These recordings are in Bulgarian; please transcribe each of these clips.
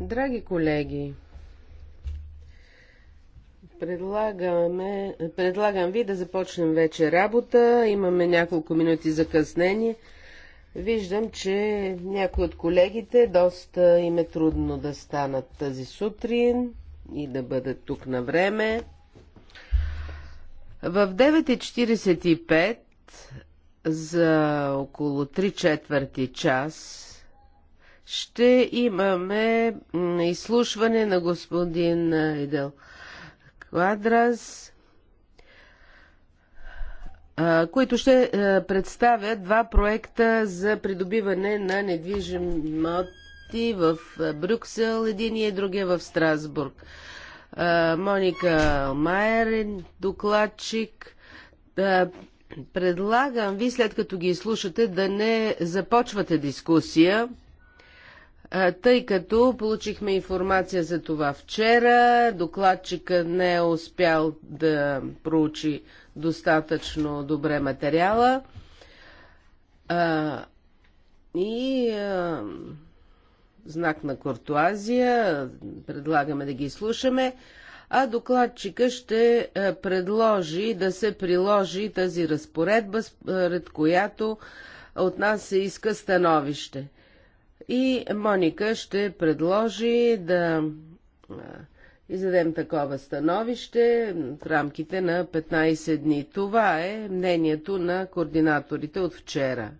Драги колеги, предлагаме, предлагам ви да започнем вече работа. Имаме няколко минути закъснение. Виждам, че някои от колегите доста им е трудно да станат тази сутрин и да бъдат тук на време. В 9.45 за около 3 четвърти час ще имаме изслушване на господин Едел Квадрас, които ще представят два проекта за придобиване на недвижимоти в Брюксел, един и другия в Страсбург. Моника Майер е докладчик. Предлагам ви, след като ги изслушате, да не започвате дискусия тъй като получихме информация за това вчера, докладчика не е успял да проучи достатъчно добре материала. А, и а, знак на кортуазия, предлагаме да ги слушаме, а докладчика ще предложи да се приложи тази разпоредба, според която от нас се иска становище. И Моника ще предложи да издадем такова становище в рамките на 15 дни. Това е мнението на координаторите от вчера.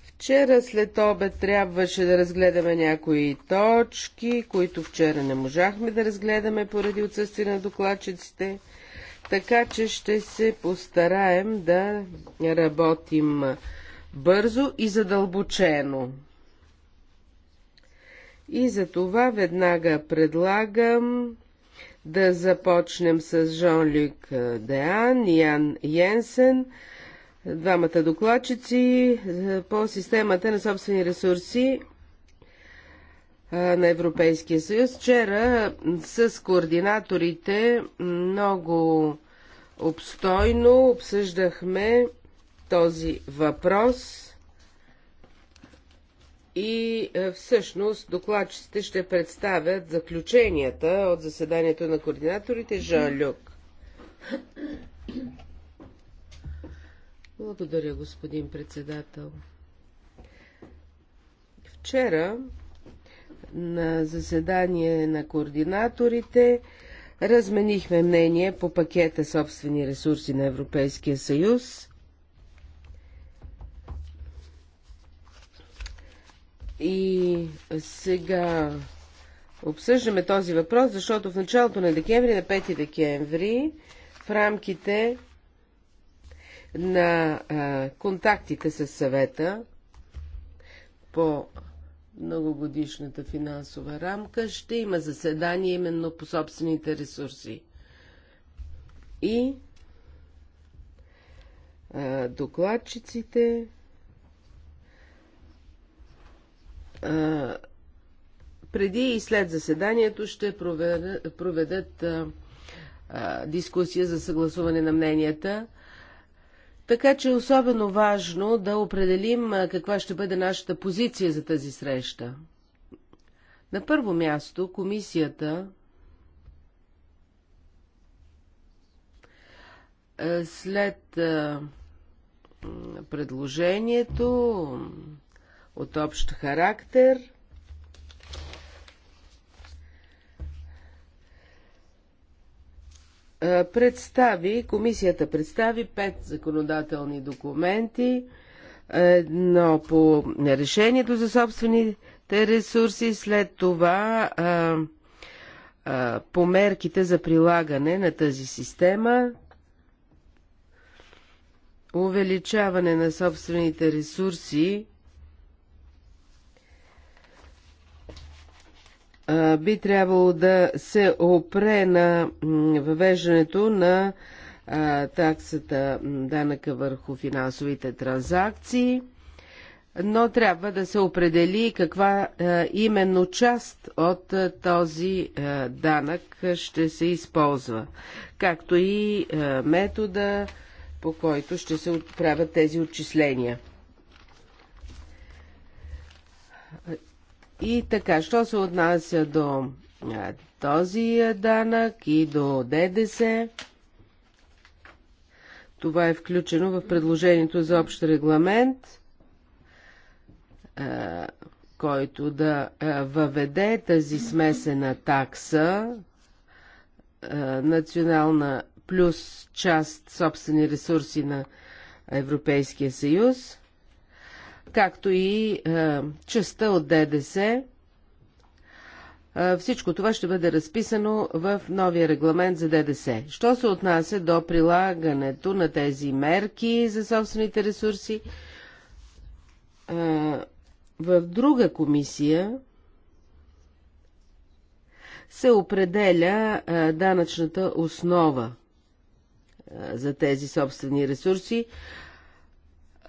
Вчера след обед трябваше да разгледаме някои точки, които вчера не можахме да разгледаме поради отсъствие на докладчиците, така че ще се постараем да работим бързо и задълбочено. И за това веднага предлагам да започнем с Жон-Люк Деан и Ян Йенсен, двамата докладчици е, по системата на собствени ресурси е, на Европейския съюз. Вчера с координаторите много обстойно обсъждахме този въпрос и е, всъщност докладчиците ще представят заключенията от заседанието на координаторите Жан Люк. Благодаря, господин председател. Вчера на заседание на координаторите разменихме мнение по пакета собствени ресурси на Европейския съюз – И сега обсъждаме този въпрос, защото в началото на декември, на 5 декември, в рамките на а, контактите с съвета по многогодишната финансова рамка ще има заседание именно по собствените ресурси. И а, докладчиците преди и след заседанието ще проведат, проведат а, а, дискусия за съгласуване на мненията. Така че е особено важно да определим каква ще бъде нашата позиция за тази среща. На първо място комисията след предложението от общ характер. Представи, комисията представи пет законодателни документи, едно по решението за собствените ресурси, след това а, а, по мерките за прилагане на тази система, увеличаване на собствените ресурси би трябвало да се опре на въвеждането на таксата данъка върху финансовите транзакции, но трябва да се определи каква именно част от този данък ще се използва, както и метода, по който ще се отправят тези отчисления. И така, що се отнася до този данък и до ДДС, това е включено в предложението за общ регламент, който да въведе тази смесена такса, национална плюс част собствени ресурси на Европейския съюз – както и е, частта от ДДС. Е, всичко това ще бъде разписано в новия регламент за ДДС. Що се отнася до прилагането на тези мерки за собствените ресурси, е, в друга комисия се определя данъчната основа за тези собствени ресурси.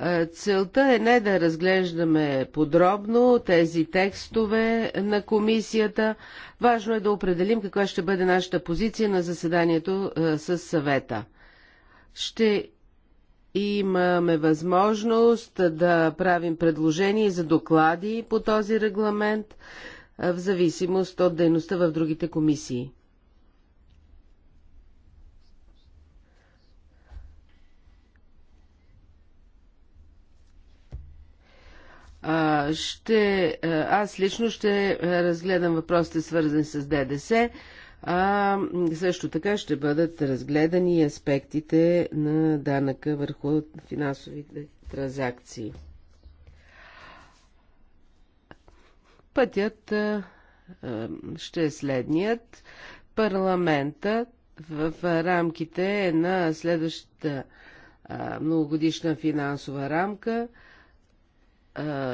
Е, целта е не да разглеждаме подробно тези текстове на комисията. Важно е да определим каква ще бъде нашата позиция на заседанието е, с съвета. Ще имаме възможност да правим предложения за доклади по този регламент е, в зависимост от дейността в другите комисии. А, ще, аз лично ще разгледам въпросите свързани с ДДС, а също така ще бъдат разгледани аспектите на данъка върху финансовите транзакции. Пътят а, ще е следният. парламента в рамките на следващата а, многогодишна финансова рамка а,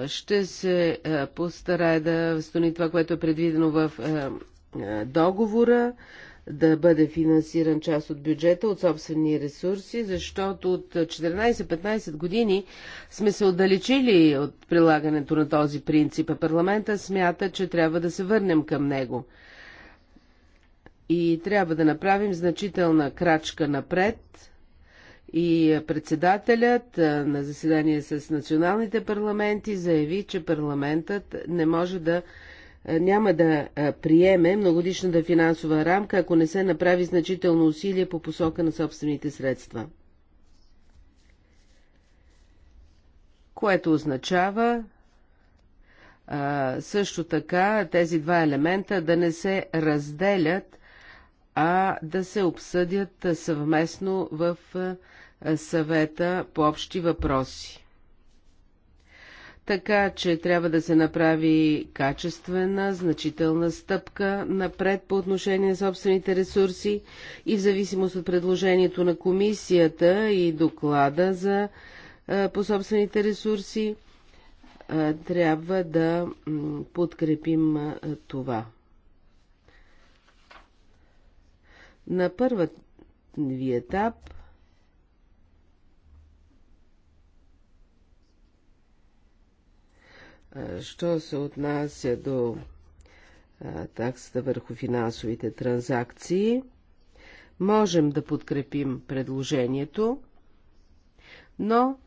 ще се постарае да стони това, което е предвидено в договора, да бъде финансиран част от бюджета, от собствени ресурси, защото от 14-15 години сме се отдалечили от прилагането на този принцип, а парламента смята, че трябва да се върнем към него. И трябва да направим значителна крачка напред и председателят на заседание с националните парламенти заяви, че парламентът не може да няма да приеме многодишната финансова рамка, ако не се направи значително усилие по посока на собствените средства. Което означава също така тези два елемента да не се разделят а да се обсъдят съвместно в съвета по общи въпроси. Така че трябва да се направи качествена, значителна стъпка напред по отношение на собствените ресурси и в зависимост от предложението на комисията и доклада за по собствените ресурси, трябва да подкрепим това. На първата ви етап що се отнася до таксата върху финансовите транзакции, можем да подкрепим предложението, но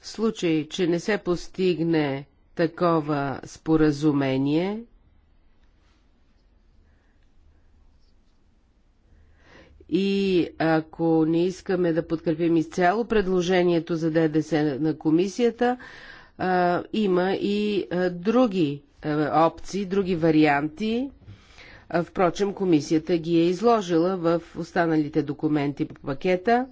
в случай, че не се постигне такова споразумение И ако не искаме да подкрепим изцяло предложението за ДДС на комисията, има и други опции, други варианти. Впрочем, комисията ги е изложила в останалите документи по пакета.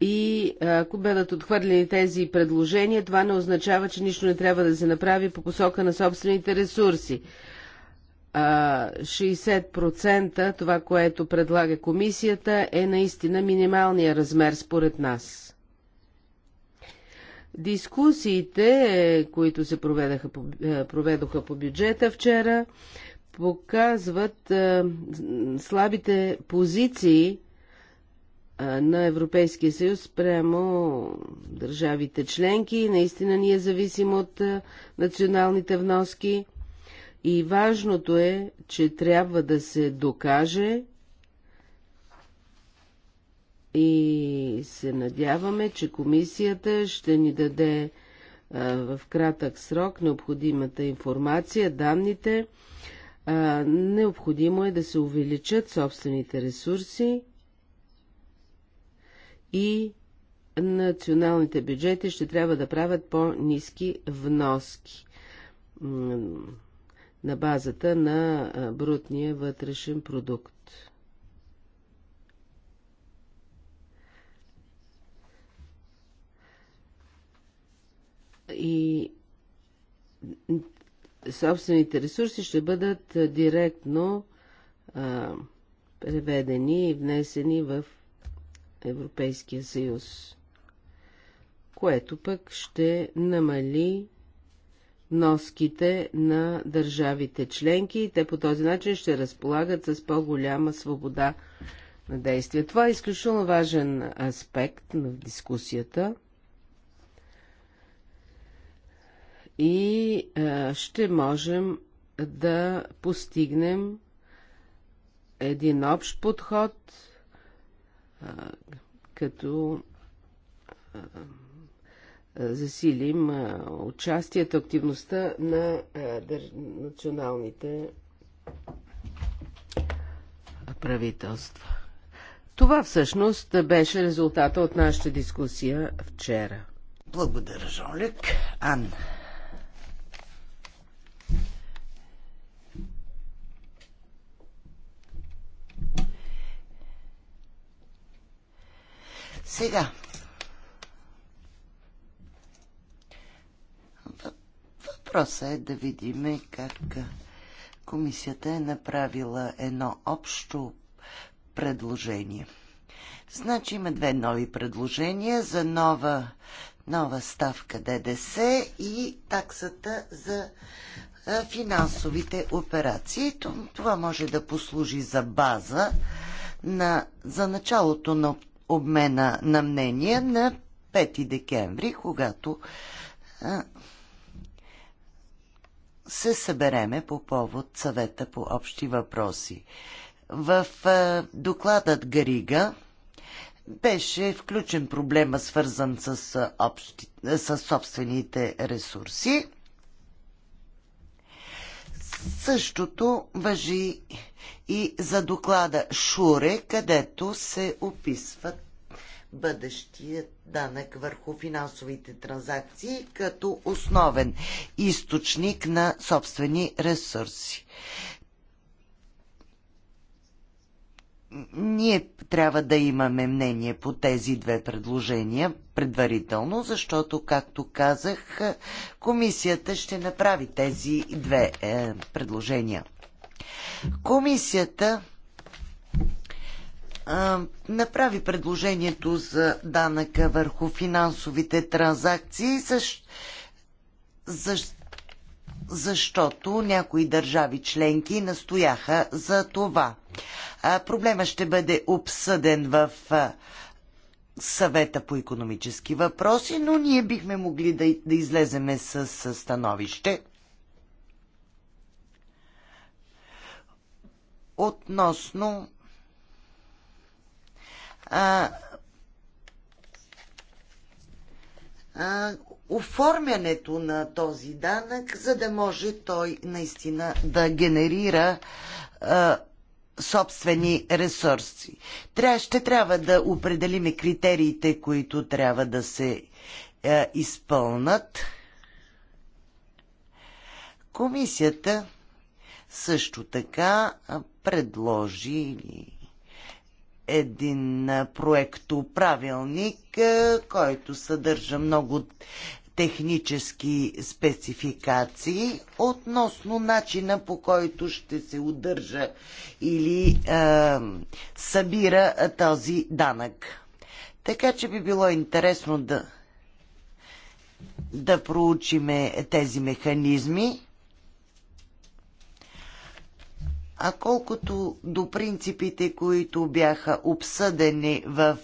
И ако бъдат отхвърлени тези предложения, това не означава, че нищо не трябва да се направи по посока на собствените ресурси. 60% това, което предлага комисията, е наистина минималния размер според нас. Дискусиите, които се по, е, проведоха по бюджета вчера, показват е, слабите позиции е, на Европейския съюз прямо държавите членки. Наистина ние зависим от националните вноски – и важното е, че трябва да се докаже и се надяваме, че комисията ще ни даде а, в кратък срок необходимата информация, данните. А, необходимо е да се увеличат собствените ресурси и националните бюджети ще трябва да правят по-низки вноски на базата на брутния вътрешен продукт. И собствените ресурси ще бъдат директно а, преведени и внесени в Европейския съюз, което пък ще намали вноските на държавите членки и те по този начин ще разполагат с по-голяма свобода на действие. Това е изключително важен аспект на дискусията. И а, е, ще можем да постигнем един общ подход, а, е, като а, е, засилим участието, активността на националните правителства. Това всъщност беше резултата от нашата дискусия вчера. Благодаря, Жолик. Ан. Сега, Въпросът е да видим как комисията е направила едно общо предложение. Значи има две нови предложения за нова, нова ставка ДДС и таксата за финансовите операции. Това може да послужи за база на, за началото на обмена на мнения на 5 декември, когато се събереме по повод съвета по общи въпроси. В е, докладът Гарига беше включен проблема, свързан с, е, общи, е, с собствените ресурси. Същото въжи и за доклада Шуре, където се описват бъдещият данък върху финансовите транзакции като основен източник на собствени ресурси. Ние трябва да имаме мнение по тези две предложения предварително, защото, както казах, комисията ще направи тези две е, предложения. Комисията направи предложението за данъка върху финансовите транзакции, защото някои държави членки настояха за това. Проблема ще бъде обсъден в съвета по економически въпроси, но ние бихме могли да, да излеземе с, с становище. Относно оформянето на този данък, за да може той наистина да генерира а, собствени ресурси. Тря, ще трябва да определиме критериите, които трябва да се а, изпълнат. Комисията също така предложи или един проекто правилник, който съдържа много технически спецификации относно начина по който ще се удържа или е, събира този данък. Така че би било интересно да, да проучиме тези механизми А колкото до принципите, които бяха обсъдени в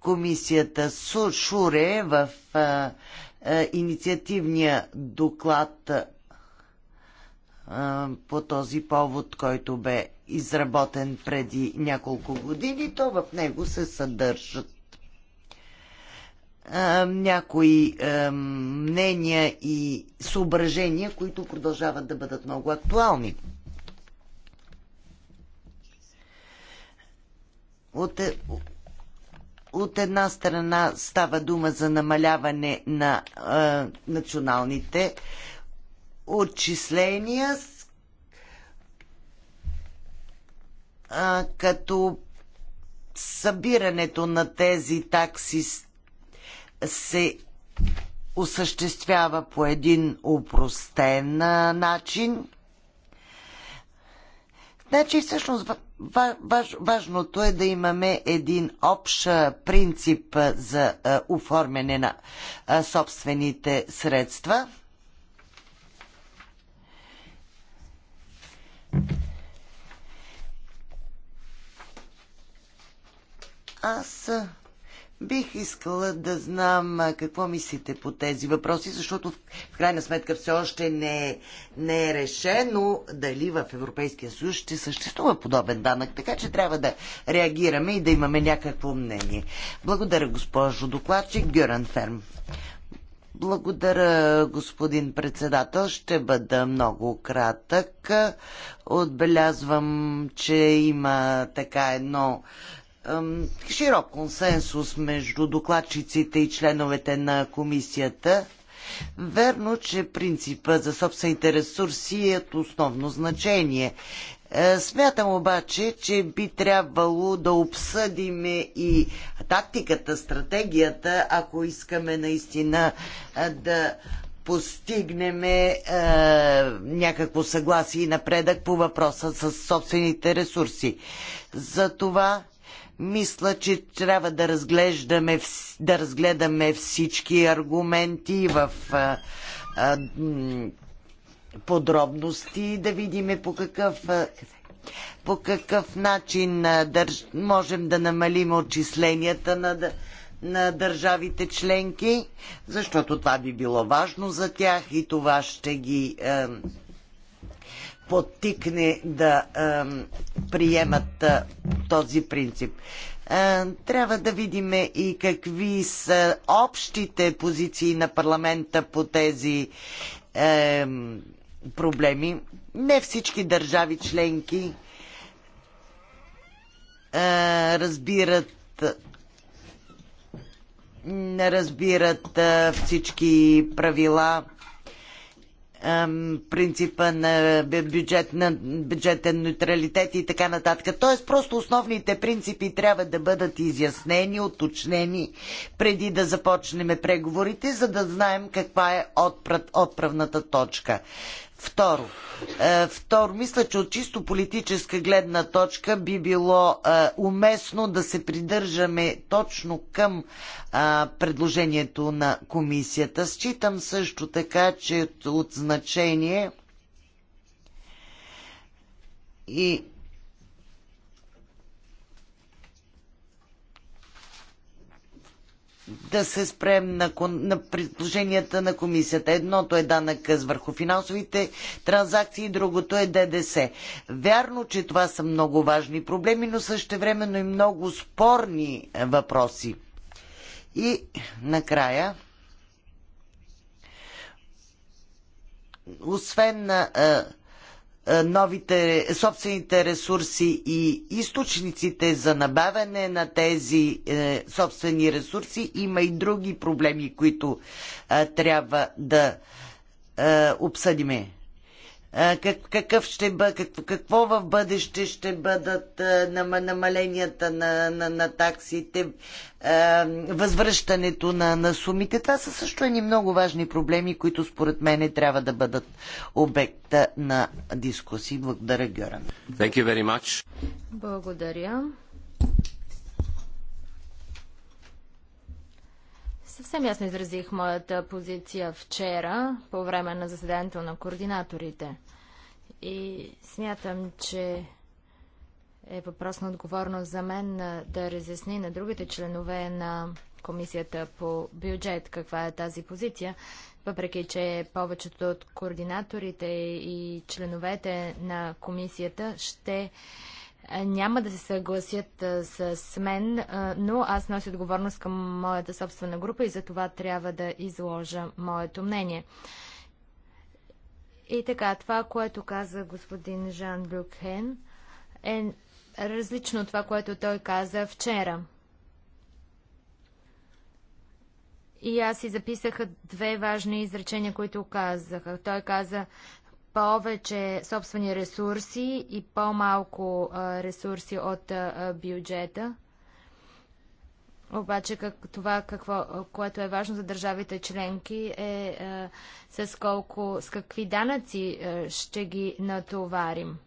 комисията Шуре, в инициативния доклад по този повод, който бе изработен преди няколко години, то в него се съдържат някои мнения и съображения, които продължават да бъдат много актуални. от, от една страна става дума за намаляване на националните отчисления, а, като събирането на тези такси се осъществява по един упростен начин. Значи всъщност Важ, важното е да имаме един общ принцип за оформяне на собствените средства. Аз Бих искала да знам какво мислите по тези въпроси, защото в крайна сметка все още не е, не е решено дали в Европейския съюз ще съществува подобен данък, така че трябва да реагираме и да имаме някакво мнение. Благодаря, госпожо докладчик Гюран Ферм. Благодаря, господин председател. Ще бъда много кратък. Отбелязвам, че има така едно широк консенсус между докладчиците и членовете на комисията. Верно, че принципа за собствените ресурси е от основно значение. Е, смятам обаче, че би трябвало да обсъдим и тактиката, стратегията, ако искаме наистина е, да постигнем е, някакво съгласие и напредък по въпроса с собствените ресурси. Затова мисля, че трябва да разглеждаме, да разгледаме всички аргументи в а, а, подробности, да видим по какъв по какъв начин държ... можем да намалим отчисленията на, на държавите членки, защото това би било важно за тях и това ще ги А, подтикне да а, приемат а, този принцип. А, трябва да видим и какви са общите позиции на парламента по тези а, проблеми. Не всички държави членки а, разбират не разбират а, всички правила принципа на, бюджет, на бюджетен неутралитет и така нататък. Тоест, просто основните принципи трябва да бъдат изяснени, уточнени, преди да започнем преговорите, за да знаем каква е отправната точка. Второ, е, второ, мисля, че от чисто политическа гледна точка би било е, уместно да се придържаме точно към е, предложението на комисията. Считам също така, че от значение и да се спрем на, на предложенията на комисията. Едното е данък върху финансовите транзакции, другото е ДДС. Вярно, че това са много важни проблеми, но същевременно и много спорни въпроси. И накрая, освен на е, новите собствените ресурси и източниците за набавяне на тези е, собствени ресурси, има и други проблеми, които е, трябва да обсъдиме как, какъв ще бъ, как, какво в бъдеще ще бъдат намаленията на, на, на таксите, възвръщането на, на сумите. Това са също едни много важни проблеми, които според мен трябва да бъдат обекта на дискусии. Благодаря, Георан. Благодаря. Съвсем ясно изразих моята позиция вчера по време на заседанието на координаторите. И смятам, че е въпрос на отговорност за мен да разясни на другите членове на Комисията по бюджет каква е тази позиция, въпреки че повечето от координаторите и членовете на комисията ще няма да се съгласят а, с мен, а, но аз нося отговорност към моята собствена група и за това трябва да изложа моето мнение. И така, това, което каза господин Жан Люкхен, е различно от това, което той каза вчера. И аз си записах две важни изречения, които казаха. Той каза, повече собствени ресурси и по-малко ресурси от бюджета. Обаче как, това, какво, което е важно за държавите членки е е с, колко, с какви данъци е, ще ги натоварим.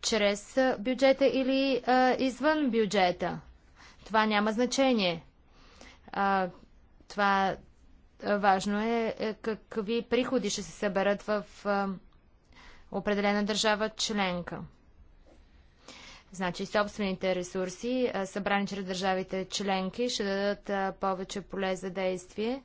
Чрез бюджета или извън бюджета. Това няма значение. това е, важно е, е какви приходи ще се съберат в е, определена държава членка. Значи собствените ресурси, събрани чрез държавите членки, ще дадат повече поле за действие.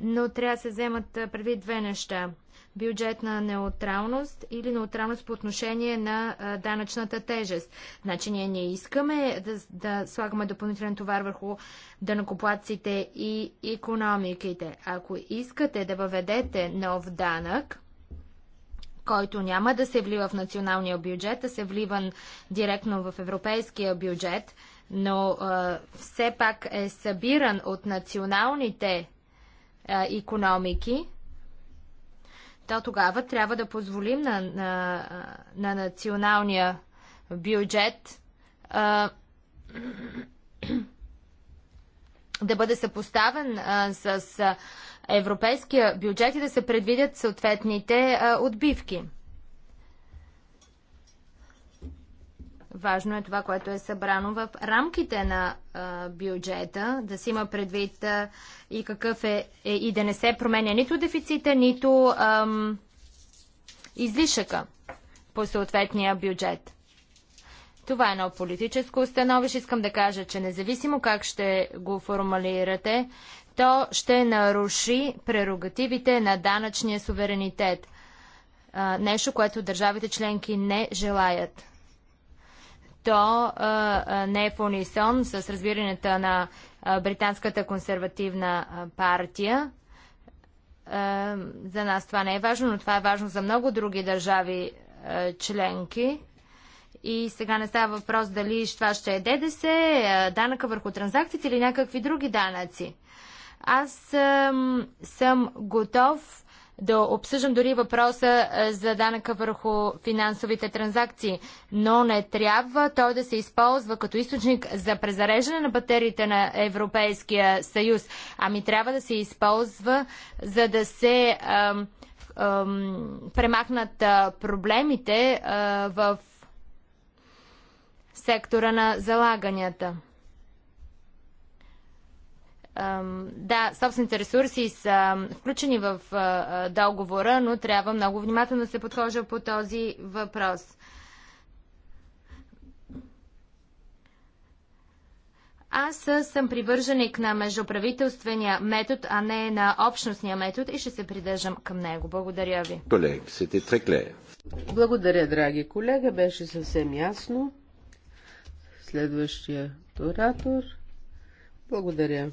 Но трябва да се вземат предвид две неща бюджетна неутралност или неутралност по отношение на данъчната тежест. Значи ние не искаме да, да слагаме допълнителен товар върху данъкоплатците и економиките. Ако искате да въведете нов данък, който няма да се влива в националния бюджет, а се вливан директно в европейския бюджет, но а, все пак е събиран от националните а, економики, то тогава трябва да позволим на, на, на националния бюджет а, да бъде съпоставен а, с европейския бюджет и да се предвидят съответните а, отбивки. Важно е това, което е събрано в рамките на а, бюджета, да си има предвид а, и какъв е, е и да не се променя нито дефицита, нито ам, излишъка по съответния бюджет. Това е едно политическо установище. Искам да кажа, че независимо как ще го формулирате, то ще наруши прерогативите на данъчния суверенитет. А, нещо, което държавите членки не желаят то а, не е в унисон с разбирането на а, Британската консервативна партия. А, за нас това не е важно, но това е важно за много други държави членки. И сега не става въпрос дали това ще е ДДС, данъка върху транзакциите или някакви други данъци. Аз съм готов да обсъждам дори въпроса е, за данъка върху финансовите транзакции, но не трябва той да се използва като източник за презареждане на батериите на Европейския съюз, ами трябва да се използва за да се ам, ам, премахнат проблемите а, в сектора на залаганията. Да, собствените ресурси са включени в договора, но трябва много внимателно да се подхожа по този въпрос. Аз съм привърженик на междуправителствения метод, а не на общностния метод и ще се придържам към него. Благодаря ви. Колег, Благодаря, драги колега. Беше съвсем ясно. Следващия оратор. Благодаря.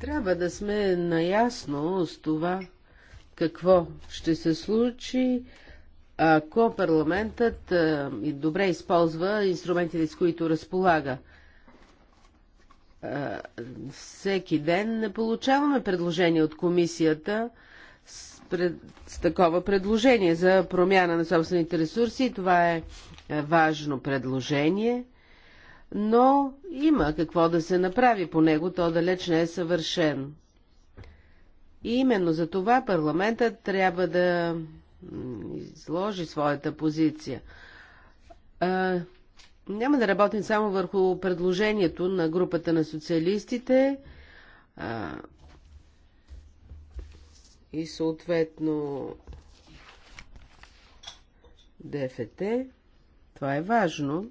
Трябва да сме наясно с това, какво ще се случи, ако парламентът и добре използва инструментите, с които разполага. всеки ден не получаваме предложения от комисията с, пред, с такова предложение за промяна на собствените ресурси. Това е, е важно предложение но има какво да се направи по него, то далеч не е съвършен. И именно за това парламентът трябва да изложи своята позиция. А, няма да работим само върху предложението на групата на социалистите а, и съответно ДФТ. Това е важно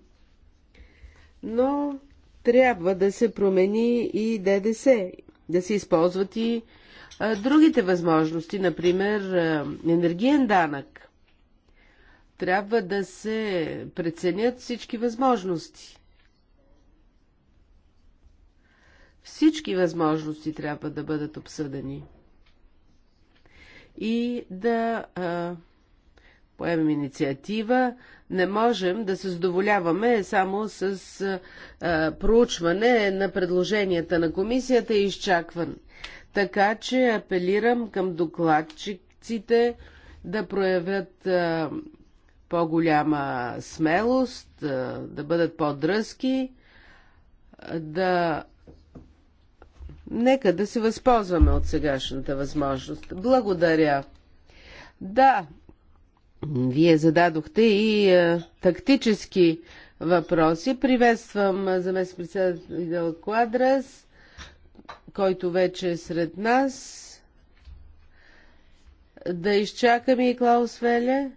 но трябва да се промени и ДДС, да се използват и а, другите възможности, например а, енергиен данък. Трябва да се преценят всички възможности. Всички възможности трябва да бъдат обсъдени. И да а, поемем инициатива не можем да се задоволяваме само с а, проучване на предложенията на комисията и е изчакване. Така че апелирам към докладчиците да проявят по-голяма смелост, а, да бъдат по-дръзки, да Нека да се възползваме от сегашната възможност. Благодаря. Да, вие зададохте и а, е, тактически въпроси. Приветствам е, заместник председател Квадрас, който вече е сред нас. Да изчакаме и Клаус Веле.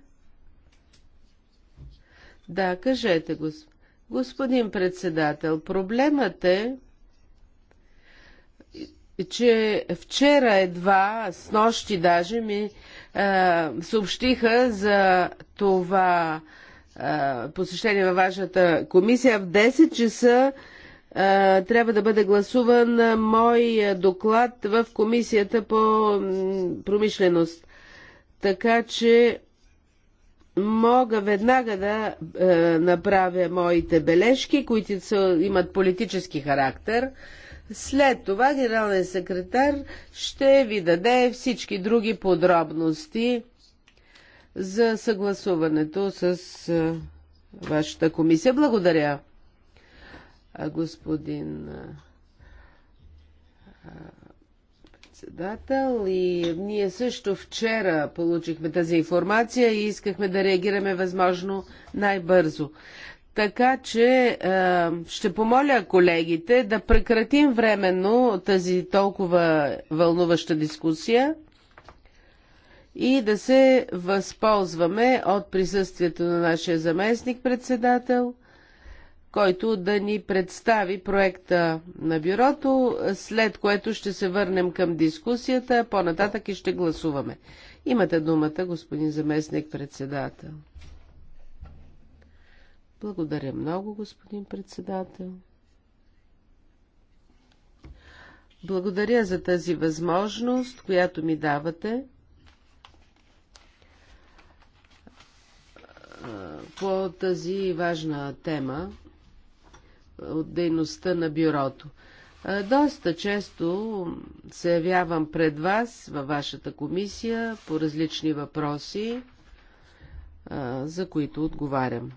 Да, кажете, господин председател. Проблемът е, че вчера едва, с нощи даже, ми е, съобщиха за това е, посещение във вашата комисия. В 10 часа е, трябва да бъде гласуван е, мой е, доклад в комисията по промишленост. Така че мога веднага да е, направя моите бележки, които са, имат политически характер. След това Генералният секретар ще ви даде всички други подробности за съгласуването с вашата комисия. Благодаря, господин председател. И ние също вчера получихме тази информация и искахме да реагираме възможно най-бързо. Така че е, ще помоля колегите да прекратим временно тази толкова вълнуваща дискусия и да се възползваме от присъствието на нашия заместник-председател, който да ни представи проекта на бюрото, след което ще се върнем към дискусията, по-нататък и ще гласуваме. Имате думата, господин заместник-председател. Благодаря много, господин председател. Благодаря за тази възможност, която ми давате. по тази важна тема от дейността на бюрото. Доста често се явявам пред вас във вашата комисия по различни въпроси, за които отговарям.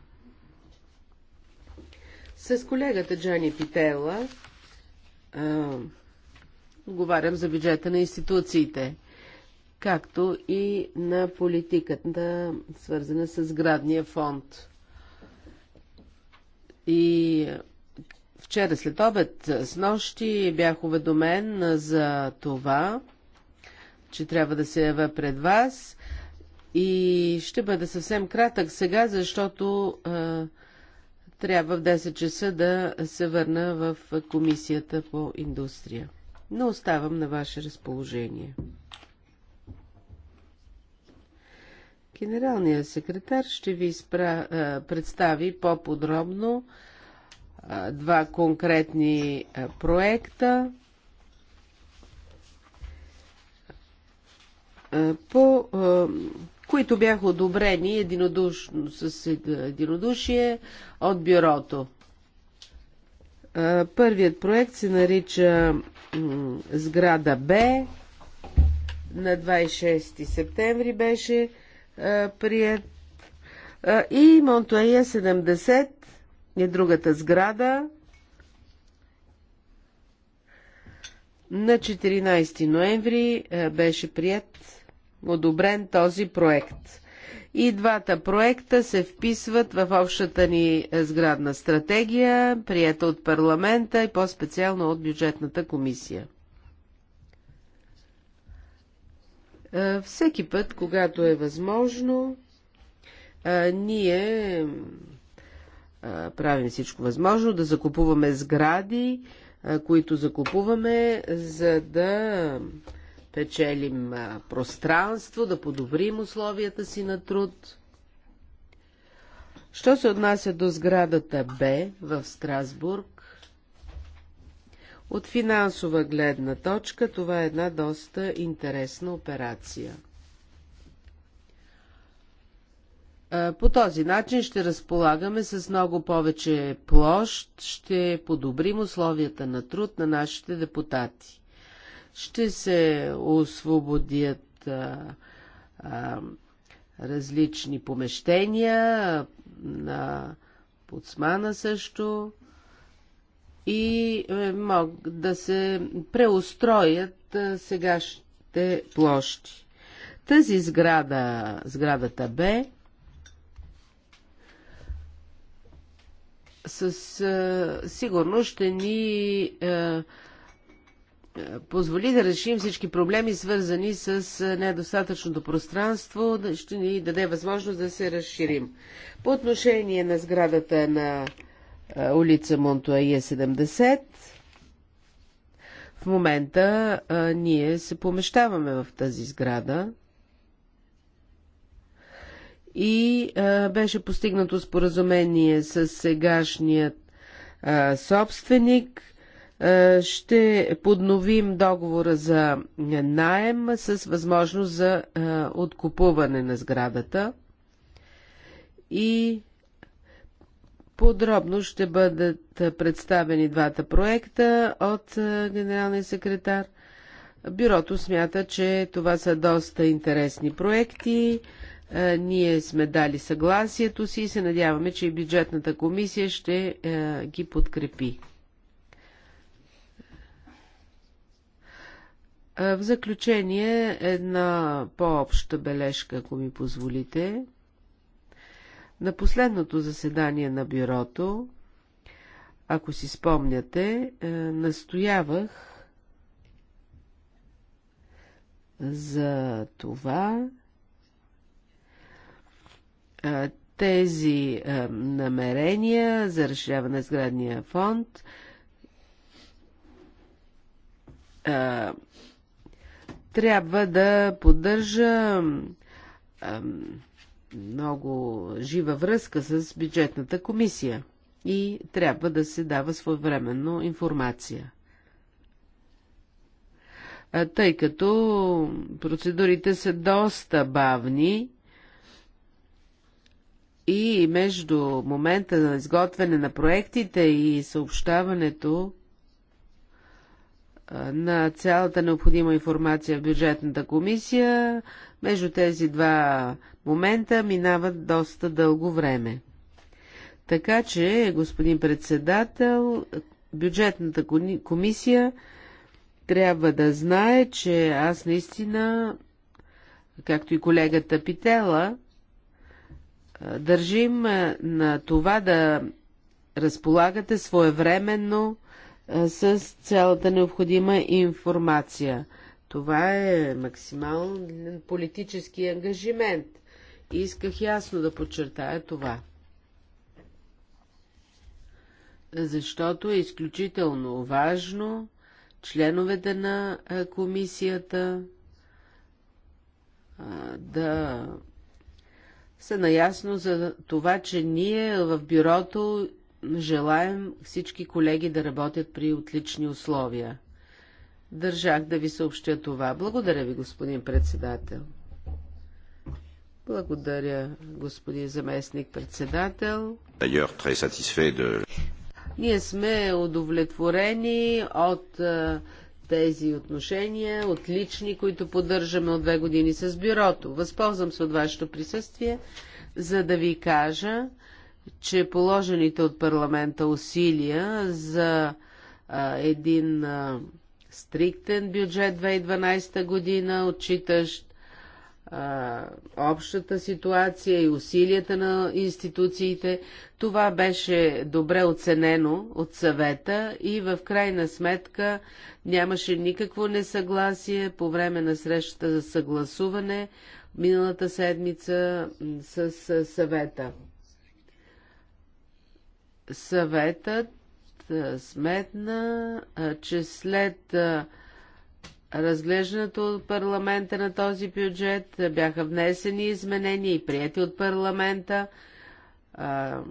С колегата Джани Питела а, говорям за бюджета на институциите, както и на политиката, свързана с градния фонд. И вчера след обед, с нощи, бях уведомен за това, че трябва да се ява пред вас. И ще бъда съвсем кратък сега, защото а, трябва в 10 часа да се върна в комисията по индустрия. Но оставам на ваше разположение. Генералният секретар ще ви спра, представи по-подробно два конкретни проекта. По които бяха одобрени единодушно, с единодушие от бюрото. Първият проект се нарича Сграда Б. На 26 септември беше прият. И Монтуея 70 е другата сграда. На 14 ноември беше прият одобрен този проект. И двата проекта се вписват в общата ни сградна стратегия, прията от парламента и по-специално от бюджетната комисия. Е, всеки път, когато е възможно, е, ние е, правим всичко възможно да закупуваме сгради, които закупуваме, за да печелим пространство, да подобрим условията си на труд. Що се отнася до сградата Б в Страсбург, от финансова гледна точка това е една доста интересна операция. По този начин ще разполагаме с много повече площ, ще подобрим условията на труд на нашите депутати ще се освободят а, а, различни помещения на подсмана също и е, мог да се преустроят сегашните площи. Тази сграда, сградата Б, със сигурност ще ни а, е, позволи да решим всички проблеми, свързани с недостатъчното пространство, ще ни даде възможност да се разширим. По отношение на сградата на улица Монтуае 70, в момента а, ние се помещаваме в тази сграда и а, беше постигнато споразумение с сегашният а, собственик – е, ще подновим договора за найем с възможност за е, откупуване на сградата и подробно ще бъдат представени двата проекта от е, генералния секретар. Бюрото смята, че това са доста интересни проекти. Ние сме дали съгласието си и се надяваме, че и бюджетната комисия ще ги подкрепи. В заключение една по-обща бележка, ако ми позволите. На последното заседание на бюрото, ако си спомняте, е, настоявах за това е, тези е, намерения за разширяване на сградния фонд трябва да поддържа много жива връзка с бюджетната комисия и трябва да се дава своевременно информация. Тъй като процедурите са доста бавни и между момента на изготвяне на проектите и съобщаването на цялата необходима информация в бюджетната комисия, между тези два момента минават доста дълго време. Така че, господин председател, бюджетната комисия трябва да знае, че аз наистина, както и колегата Питела, държим на това да разполагате своевременно с цялата необходима информация. Това е максимален политически ангажимент. И исках ясно да подчертая това. Защото е изключително важно членовете на комисията да са наясно за това, че ние в бюрото желаем всички колеги да работят при отлични условия. Държах да ви съобщя това. Благодаря ви, господин председател. Благодаря, господин заместник председател. Ние сме удовлетворени от тези отношения, отлични, които поддържаме от две години с бюрото. Възползвам се от вашето присъствие, за да ви кажа, че положените от парламента усилия за а, един а, стриктен бюджет 2012 година, отчитащ а, общата ситуация и усилията на институциите, това беше добре оценено от съвета и в крайна сметка нямаше никакво несъгласие по време на срещата за съгласуване миналата седмица с съвета съветът сметна, че след разглеждането от парламента на този бюджет бяха внесени изменения и прияти от парламента а,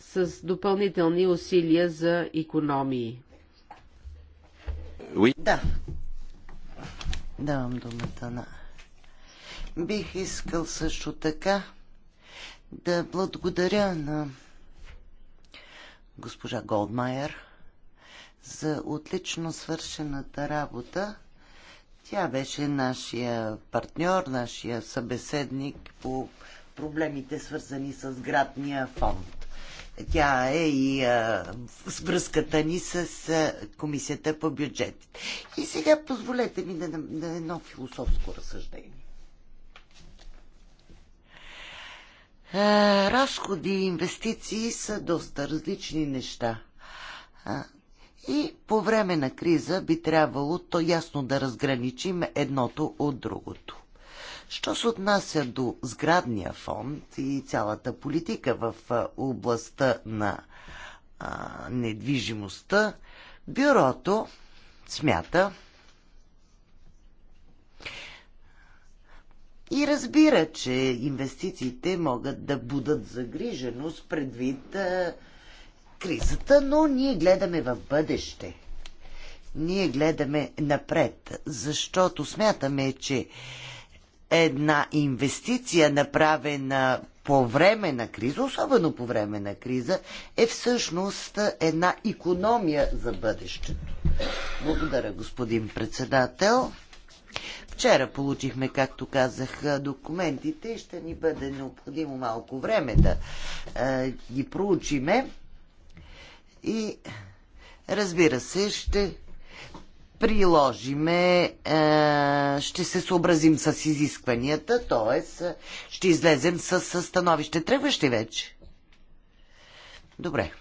с допълнителни усилия за економии. Oui. Да. Давам думата на. Бих искал също така да благодаря на госпожа Голдмайер за отлично свършената работа. Тя беше нашия партньор, нашия събеседник по проблемите, свързани с градния фонд. Тя е и а, с връзката ни с а, Комисията по бюджет. И сега позволете ми да, да едно философско разсъждение. Е, разходи и инвестиции са доста различни неща. И по време на криза би трябвало то ясно да разграничим едното от другото. Що се отнася до сградния фонд и цялата политика в областта на а, недвижимостта, бюрото смята, и разбира, че инвестициите могат да будат загриженост предвид а, кризата, но ние гледаме в бъдеще. Ние гледаме напред, защото смятаме, че една инвестиция, направена по време на криза, особено по време на криза, е всъщност една економия за бъдещето. Благодаря, господин председател. Вчера получихме, както казах, документите и ще ни бъде необходимо малко време да е, ги проучиме. И разбира се, ще приложиме, е, ще се съобразим с изискванията, т.е. ще излезем с, с становище. Трябваше вече? Добре.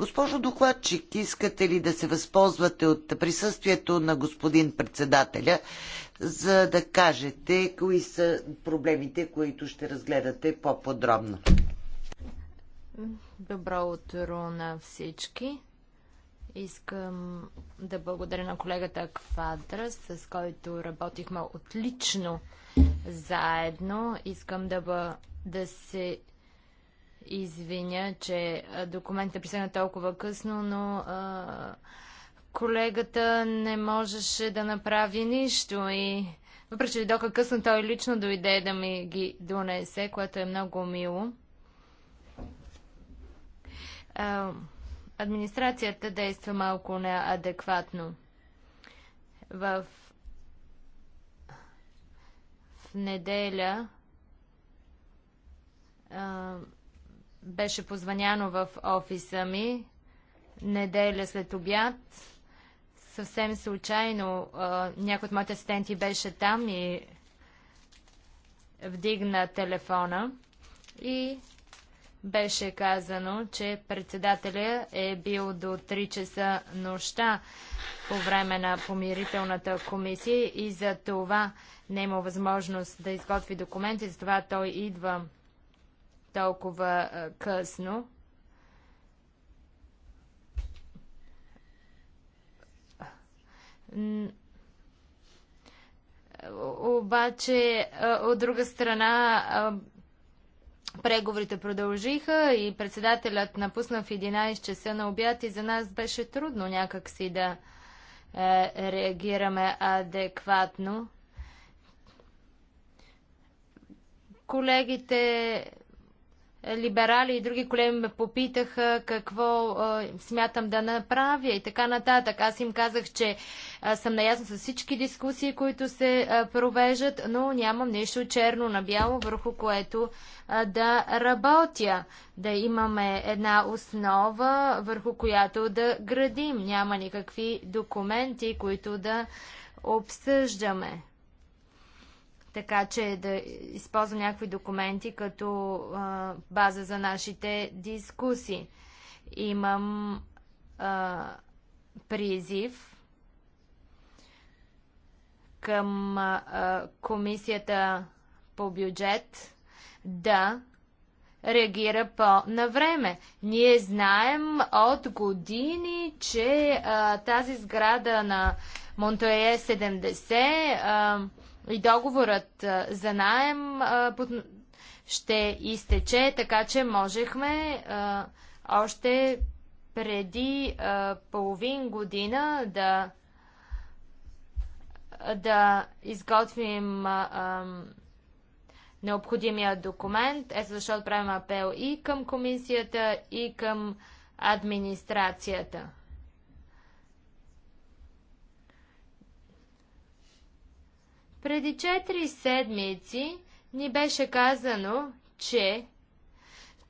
Госпожо докладчик, искате ли да се възползвате от присъствието на господин председателя, за да кажете кои са проблемите, които ще разгледате по-подробно? Добро утро на всички. Искам да благодаря на колегата Квадра, с който работихме отлично заедно. Искам да, бъ... да се извиня, че документът е толкова късно, но а, колегата не можеше да направи нищо и въпреки, че дока късно той лично дойде да ми ги донесе, което е много мило. А, администрацията действа малко неадекватно. В, в неделя а, беше позваняно в офиса ми неделя след обяд. Съвсем случайно а, някой от моите асистенти беше там и вдигна телефона и беше казано, че председателя е бил до 3 часа нощта по време на помирителната комисия и за това не е има възможност да изготви документи, за това той идва толкова късно. Обаче, от друга страна, преговорите продължиха и председателят напусна в 11 часа на обяд и за нас беше трудно някакси да е, реагираме адекватно. Колегите е, либерали и други колеги ме попитаха какво а, смятам да направя и така нататък. Аз им казах, че а, съм наясно с всички дискусии, които се а, провеждат, но нямам нещо черно на бяло, върху което а, да работя. Да имаме една основа, върху която да градим. Няма никакви документи, които да обсъждаме така че да използвам някакви документи като а, база за нашите дискусии. Имам а, призив към а, комисията по бюджет да реагира по-навреме. Ние знаем от години, че а, тази сграда на Монтое 70 и договорът за найем ще изтече, така че можехме още преди половин година да да изготвим необходимия документ. Ето защо правим апел и към комисията, и към администрацията. Преди 4 седмици ни беше казано, че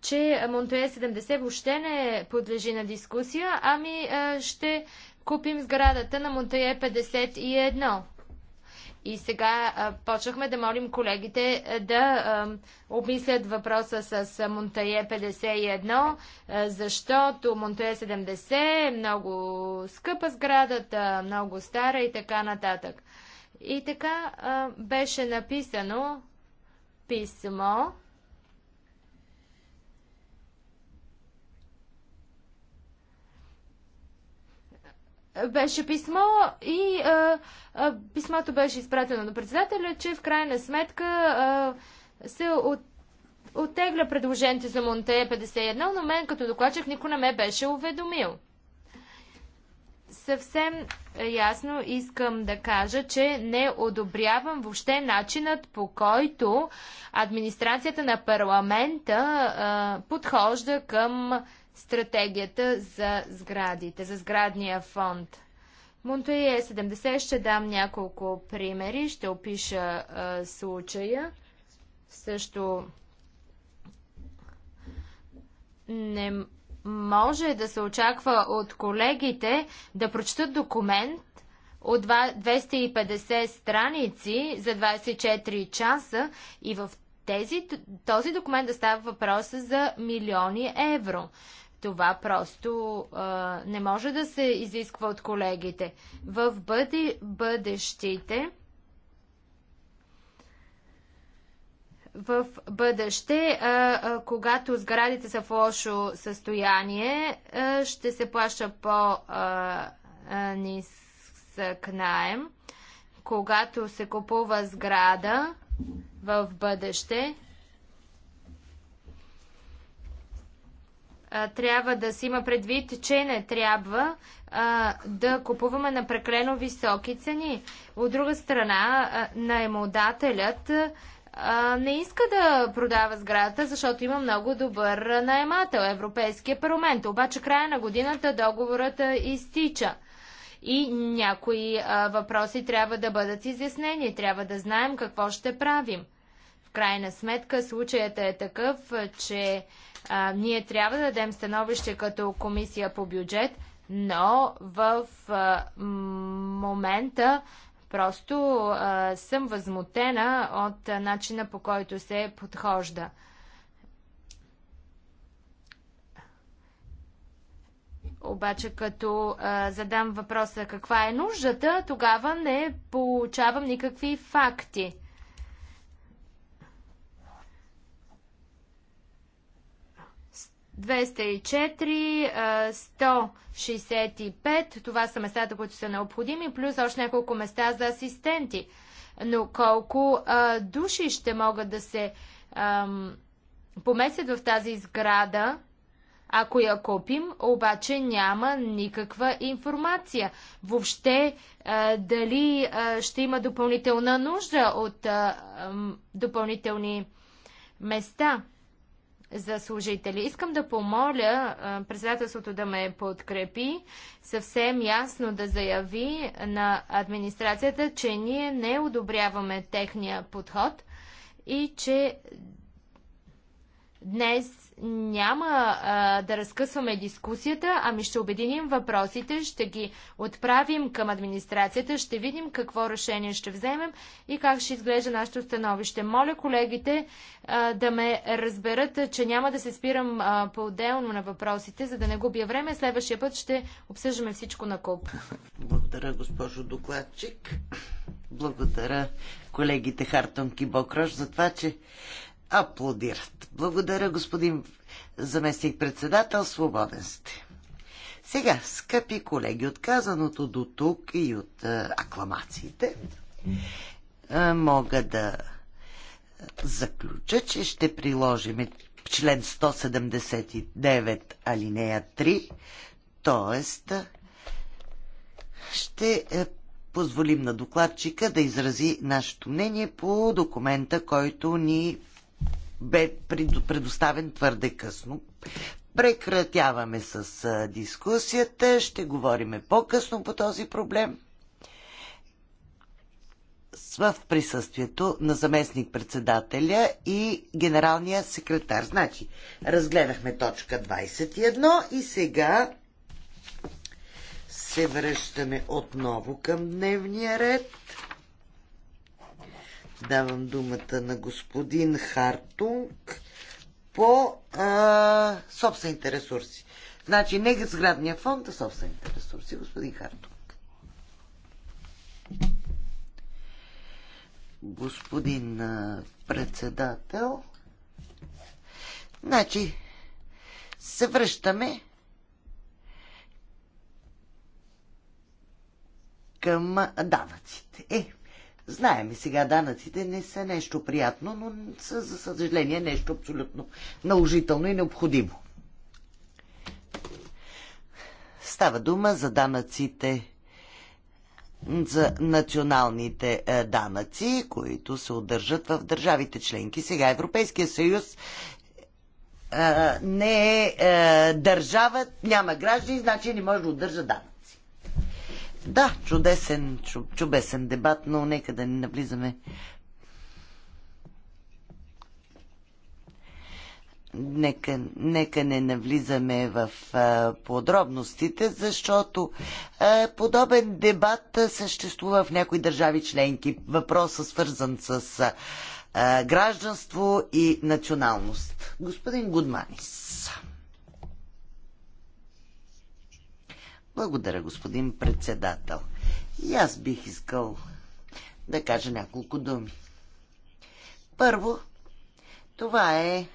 че Монтуе 70 въобще не подлежи на дискусия, ами ще купим сградата на Монтуе 51. И сега почнахме да молим колегите да обмислят въпроса с Монтуе 51, защото Монтуе 70 е много скъпа сградата, много стара и така нататък. И така а, беше написано писмо. Беше писмо и а, а, писмото беше изпратено на председателя, че в крайна сметка а, се от, оттегля предложението за Монтея 51, но мен като докладчик никой не ме беше уведомил. Съвсем ясно искам да кажа, че не одобрявам въобще начинът по който администрацията на парламента а, подхожда към стратегията за сградите, за сградния фонд. Монтуие 70 е ще дам няколко примери, ще опиша а, случая. Също не може да се очаква от колегите да прочитат документ от 250 страници за 24 часа и в тези, този документ да става въпроса за милиони евро. Това просто а, не може да се изисква от колегите. В бъде, бъдещите в бъдеще, когато сградите са в лошо състояние, ще се плаща по-нисък наем. Когато се купува сграда в бъдеще, трябва да си има предвид, че не трябва а, да купуваме на прекалено високи цени. От друга страна, наемодателят а, не иска да продава сградата, защото има много добър наемател, Европейския парламент. Обаче края на годината договорът изтича. И някои а, въпроси трябва да бъдат изяснени, трябва да знаем какво ще правим. В крайна сметка случаят е такъв, че а, ние трябва да дадем становище като комисия по бюджет, но в а, момента Просто а, съм възмутена от а, начина по който се подхожда. Обаче като а, задам въпроса каква е нуждата, тогава не получавам никакви факти. 204, 165, това са местата, които са необходими, плюс още няколко места за асистенти. Но колко а, души ще могат да се ам, поместят в тази сграда, ако я купим, обаче няма никаква информация. Въобще а, дали а, ще има допълнителна нужда от а, допълнителни места за служители. Искам да помоля председателството да ме подкрепи, съвсем ясно да заяви на администрацията, че ние не одобряваме техния подход и че днес няма а, да разкъсваме дискусията, ами ще обединим въпросите, ще ги отправим към администрацията, ще видим какво решение ще вземем и как ще изглежда нашето становище. Моля колегите а, да ме разберат, че няма да се спирам а, по-отделно на въпросите, за да не губя време. Следващия път ще обсъждаме всичко на куп. Благодаря, госпожо докладчик. Благодаря колегите Хартонки Бокрош за това, че аплодират. Благодаря, господин заместник председател. Свободен сте. Сега, скъпи колеги, отказаното до тук и от а, е, акламациите, а, е, мога да заключа, че ще приложим член 179 алинея 3, т.е. ще е, позволим на докладчика да изрази нашето мнение по документа, който ни бе предоставен твърде късно. Прекратяваме с дискусията. Ще говориме по-късно по този проблем в присъствието на заместник-председателя и генералния секретар. Значи, разгледахме точка 21 и сега се връщаме отново към дневния ред давам думата на господин Хартунг по а, собствените ресурси. Значи не сградния фонд, а собствените ресурси, господин Хартунг. Господин а, председател, значи се връщаме към данъците. Е, Знаем и сега данъците не са нещо приятно, но са, за съжаление, нещо абсолютно наложително и необходимо. Става дума за данъците, за националните е, данъци, които се удържат в държавите членки. Сега Европейския съюз е, не е, е държава, няма граждани, значи не може да удържа данъци. Да, чудесен, чудесен дебат, но нека да не навлизаме. Нека, нека не навлизаме в а, подробностите, защото а, подобен дебат съществува в някои държави членки. Въпросът свързан с а, гражданство и националност. Господин Гудманис. Благодаря, господин председател. И аз бих искал да кажа няколко думи. Първо, това е, е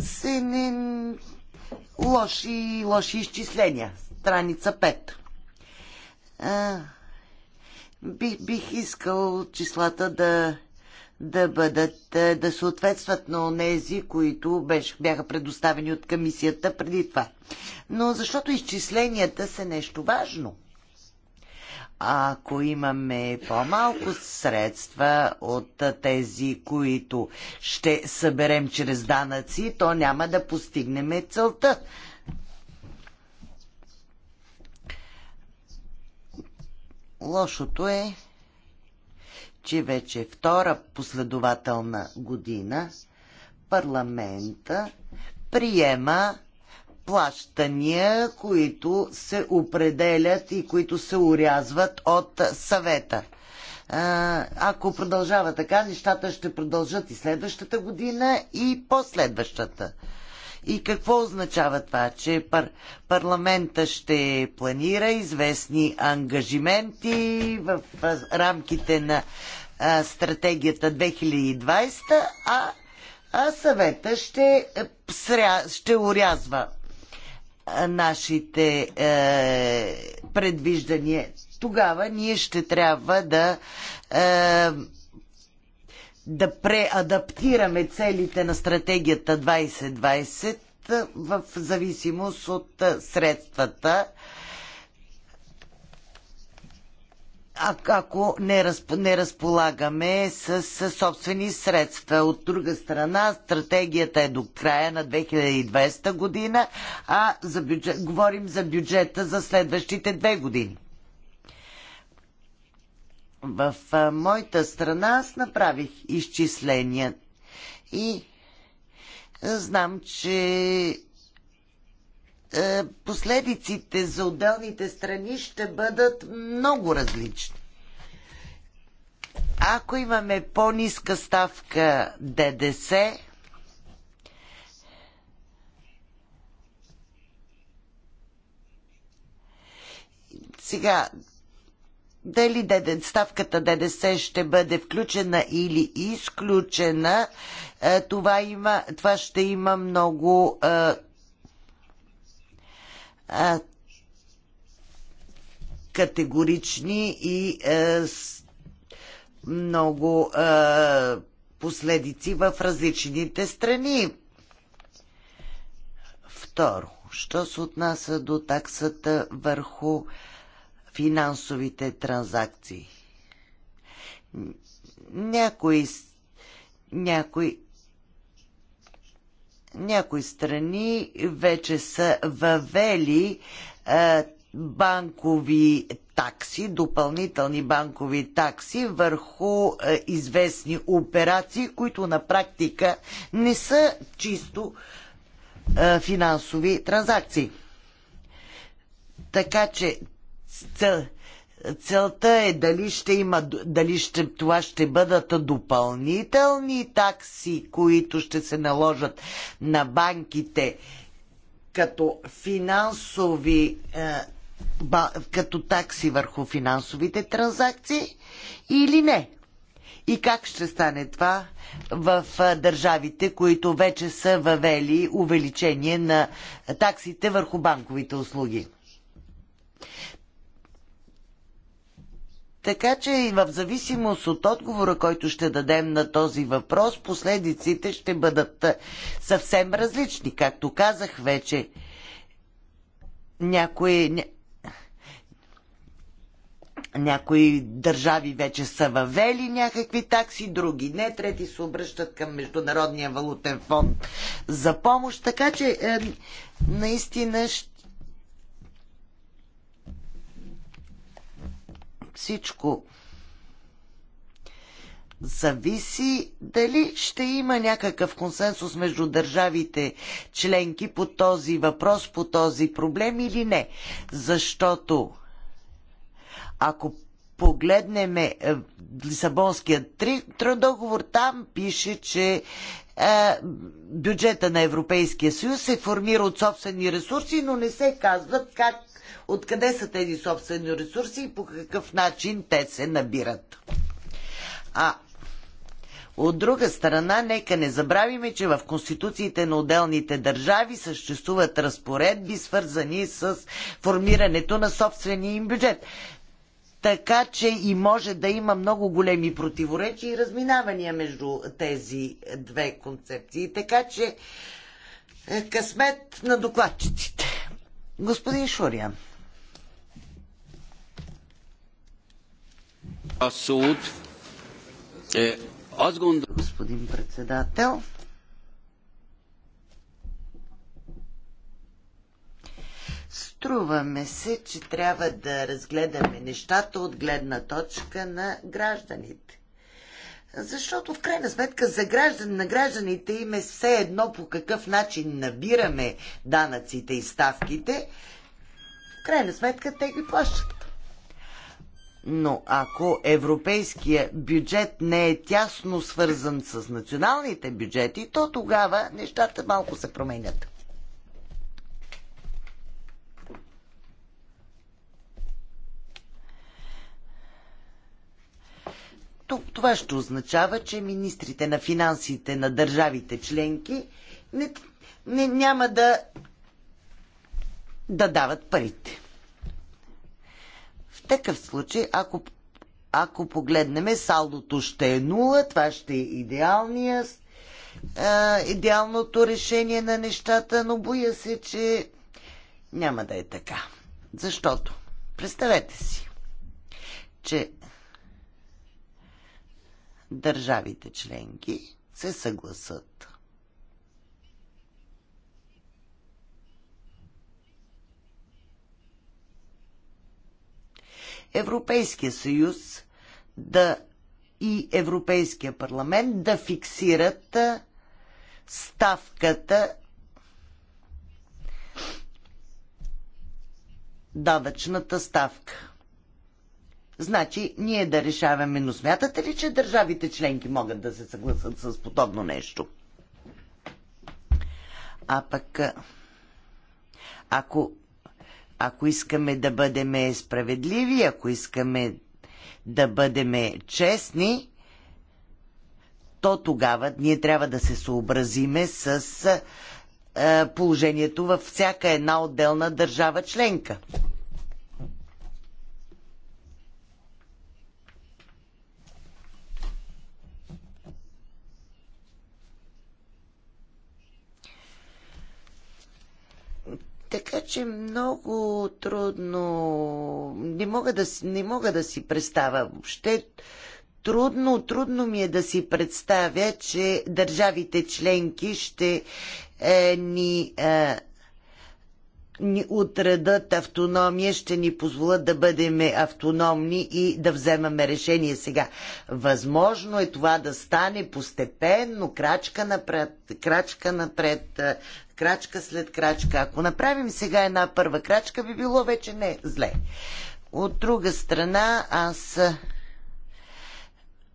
сенен лоши, лоши изчисления. Страница 5. А, бих, бих искал числата да да бъдат, е, да съответстват на тези, които бяха предоставени от комисията преди това. Но защото изчисленията са нещо важно. Ако имаме по-малко средства от тези, които ще съберем чрез данъци, то няма да постигнем целта. Лошото е, че вече е втора последователна година парламента приема плащания, които се определят и които се урязват от съвета. Ако продължава така, нещата ще продължат и следващата година, и последващата. И какво означава това? Че пар- парламента ще планира известни ангажименти в рамките на а, стратегията 2020, а, а съвета ще, е, сря, ще урязва нашите а, е, предвиждания. Тогава ние ще трябва да А, е, да преадаптираме целите на стратегията 2020 в зависимост от средствата. А, ако не, разп, не разполагаме с, с собствени средства. От друга страна, стратегията е до края на 2020 година, а за бюджет, говорим за бюджета за следващите две години в моята страна аз направих изчисления и знам, че последиците за отделните страни ще бъдат много различни. Ако имаме по-ниска ставка ДДС, сега дали ставката ДДС ще бъде включена или изключена, е, това, има, това ще има много. Е, е, категорични и много последици в различните страни. Второ, що се отнася до таксата върху финансовите транзакции. Някои, някои, някои страни вече са въвели е, банкови такси, допълнителни банкови такси върху е, известни операции, които на практика не са чисто е, финансови транзакции. Така че цел, целта е дали ще има, дали ще, това ще бъдат допълнителни такси, които ще се наложат на банките като финансови е, като такси върху финансовите транзакции или не. И как ще стане това в е, държавите, които вече са въвели увеличение на таксите върху банковите услуги? Така че и в зависимост от отговора, който ще дадем на този въпрос, последиците ще бъдат е, съвсем различни. Както казах вече, някои, някои държави вече са въвели някакви такси, други не, трети се обръщат към Международния валутен фонд за помощ. Така че е, наистина ще всичко зависи дали ще има някакъв консенсус между държавите членки по този въпрос, по този проблем или не. Защото ако погледнем е, Лисабонския трудоговор, там пише, че е, бюджета на Европейския съюз се формира от собствени ресурси, но не се казват как откъде са тези собствени ресурси и по какъв начин те се набират. А от друга страна, нека не забравиме, че в конституциите на отделните държави съществуват разпоредби, свързани с формирането на собствения им бюджет. Така че и може да има много големи противоречия и разминавания между тези две концепции. Така че е, късмет на докладчиците. Господин Шуря, е, Господин председател, Струваме се, че трябва да разгледаме нещата от гледна точка на гражданите. Защото в крайна сметка за граждан, на гражданите им е все едно по какъв начин набираме данъците и ставките. В крайна сметка те ги плащат. Но ако европейския бюджет не е тясно свързан с националните бюджети, то тогава нещата малко се променят. това ще означава, че министрите на финансите на държавите членки не, не, няма да, да дават парите. В такъв случай, ако, ако погледнем, салдото ще е нула, това ще е идеалния, е, идеалното решение на нещата, но боя се, че няма да е така. Защото, представете си, че държавите членки се съгласат. Европейския съюз да и Европейския парламент да фиксират ставката давачната ставка. Значи, ние да решаваме, но смятате ли, че държавите членки могат да се съгласат с подобно нещо? А пък, ако, ако искаме да бъдем справедливи, ако искаме да бъдем честни, то тогава ние трябва да се съобразиме с положението във всяка една отделна държава членка. Така че много трудно, не мога да, не мога да си представя въобще. Трудно, трудно ми е да си представя, че държавите членки ще е, ни е, ни отредат автономия, ще ни позволят да бъдем автономни и да вземаме решение сега. Възможно е това да стане постепенно, крачка напред, крачка напред, е, крачка след крачка. Ако направим сега една първа крачка, би било вече не зле. От друга страна, аз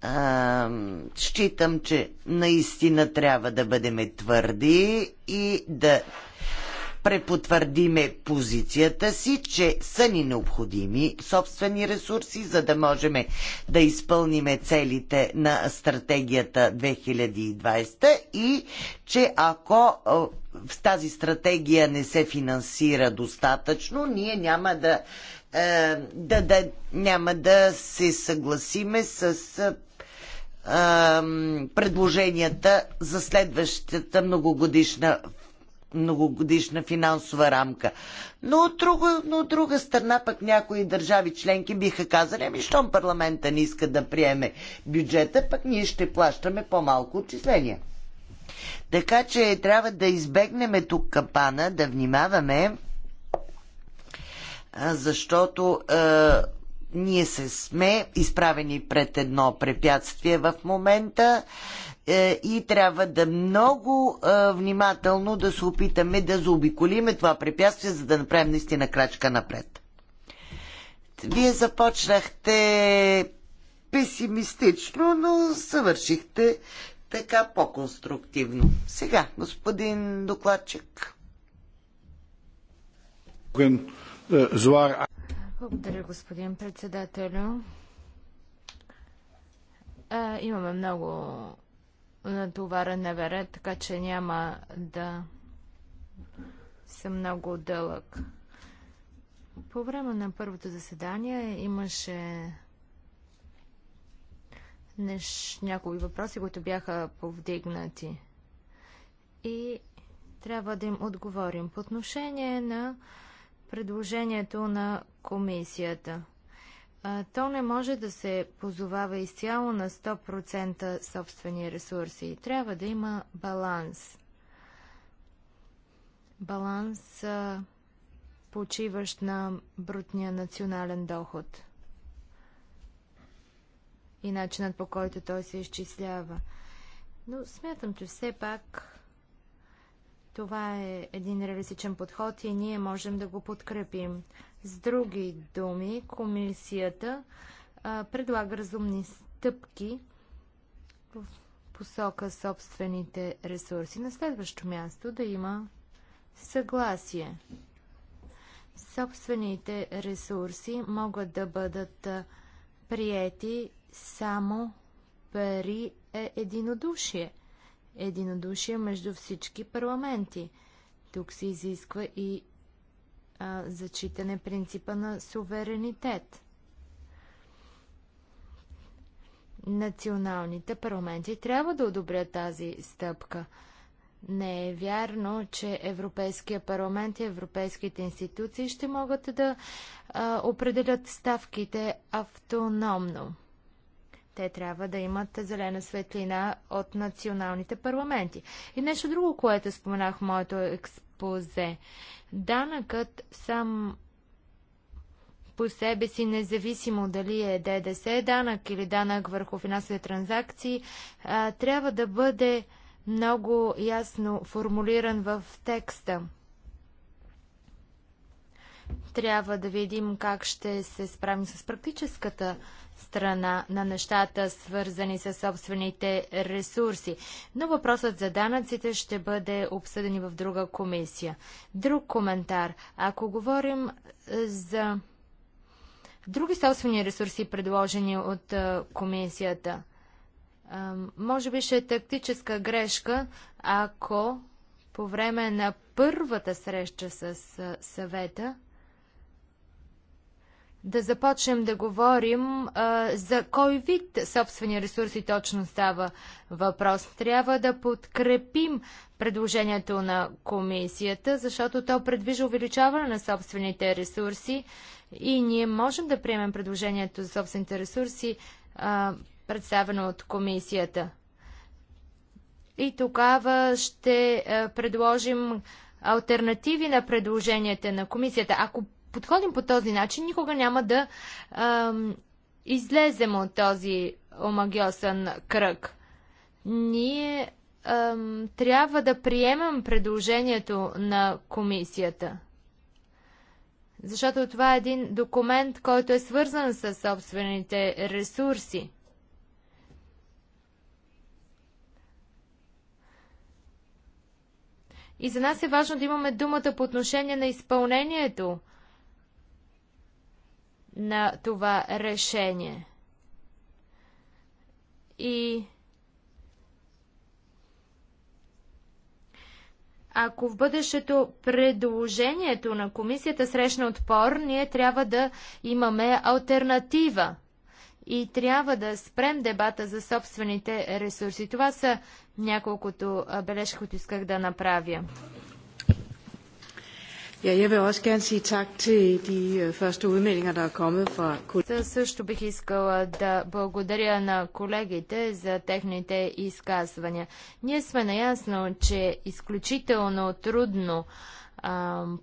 а, е, считам, че наистина трябва да бъдем твърди и да препотвърдиме позицията си, че са ни необходими собствени ресурси, за да можем да изпълниме целите на стратегията 2020 и че ако в тази стратегия не се финансира достатъчно, ние няма да, е, да, да, няма да се съгласиме с предложенията за следващата многогодишна многогодишна финансова рамка. Но от, друга, но от друга страна пък някои държави членки биха казали, ами щом парламента не иска да приеме бюджета, пък ние ще плащаме по-малко отчисления. Така че трябва да избегнем тук капана, да внимаваме, защото е, ние се сме изправени пред едно препятствие в момента. Е, е, и трябва да много е, внимателно да се опитаме да заобиколиме това препятствие, за да направим наистина крачка напред. Вие започнахте песимистично, но съвършихте така по-конструктивно. Сега, господин докладчик. Благодаря, господин председателю. А, е, имаме много натоварен МВР, така че няма да съм много дълъг. По време на първото заседание имаше неш... някои въпроси, които бяха повдигнати. И трябва да им отговорим. По отношение на предложението на комисията – то не може да се позовава изцяло на 100% собствени ресурси. Трябва да има баланс. Баланс, почиващ на брутния национален доход и начинът по който той се изчислява. Но смятам, че все пак това е един реалистичен подход и ние можем да го подкрепим. С други думи, комисията а, предлага разумни стъпки в посока собствените ресурси. На следващо място да има съгласие. Собствените ресурси могат да бъдат приети само при е единодушие. Единодушие между всички парламенти. Тук се изисква и а, зачитане принципа на суверенитет. Националните парламенти трябва да одобрят тази стъпка. Не е вярно, че Европейския парламент и европейските институции ще могат да а, определят ставките автономно. Те трябва да имат зелена светлина от националните парламенти. И нещо друго, което споменах в моето експозиция ползе. Данъкът сам по себе си, независимо дали е ДДС данък или данък върху финансови транзакции, трябва да бъде много ясно формулиран в текста. Трябва да видим как ще се справим с практическата страна на нещата, свързани с собствените ресурси. Но въпросът за данъците ще бъде обсъден и в друга комисия. Друг коментар. Ако говорим е, за други собствени ресурси, предложени от е, комисията, е, може би ще е тактическа грешка, ако по време на първата среща с съвета да започнем да говорим а, за кой вид собствени ресурси точно става въпрос. Трябва да подкрепим предложението на комисията, защото то предвижда увеличаване на собствените ресурси и ние можем да приемем предложението за собствените ресурси, а, представено от комисията. И тогава ще а, предложим альтернативи на предложенията на комисията. Ако подходим по този начин, никога няма да ам, излезем от този омагиосен кръг. Ние ам, трябва да приемам предложението на комисията. Защото това е един документ, който е свързан с собствените ресурси. И за нас е важно да имаме думата по отношение на изпълнението на това решение. И ако в бъдещето предложението на комисията срещна отпор, ние трябва да имаме альтернатива и трябва да спрем дебата за собствените ресурси. Това са няколкото бележки, които исках да направя. Ja, jeg vil også gerne sige tak til de øh, første udmeldinger, der er kommet fra колегите. Също бих искала да благодаря на колегите за техните изказвания. Ние сме наясно, че е изключително трудно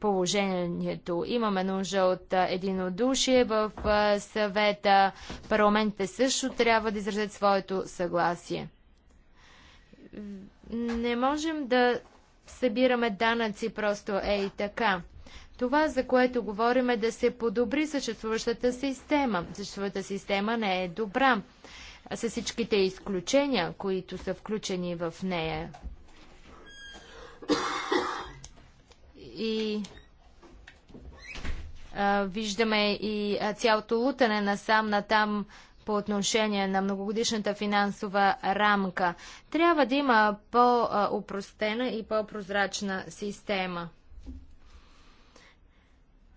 положението. Имаме нужда от единодушие в а, съвета. Парламентите също трябва да изразят своето съгласие. Не можем да събираме данъци просто е и така. Това, за което говорим е да се подобри съществуващата система. Съществуващата система не е добра. С всичките изключения, които са включени в нея. И а, виждаме и цялото лутане насам натам по отношение на многогодишната финансова рамка. Трябва да има по-упростена и по-прозрачна система.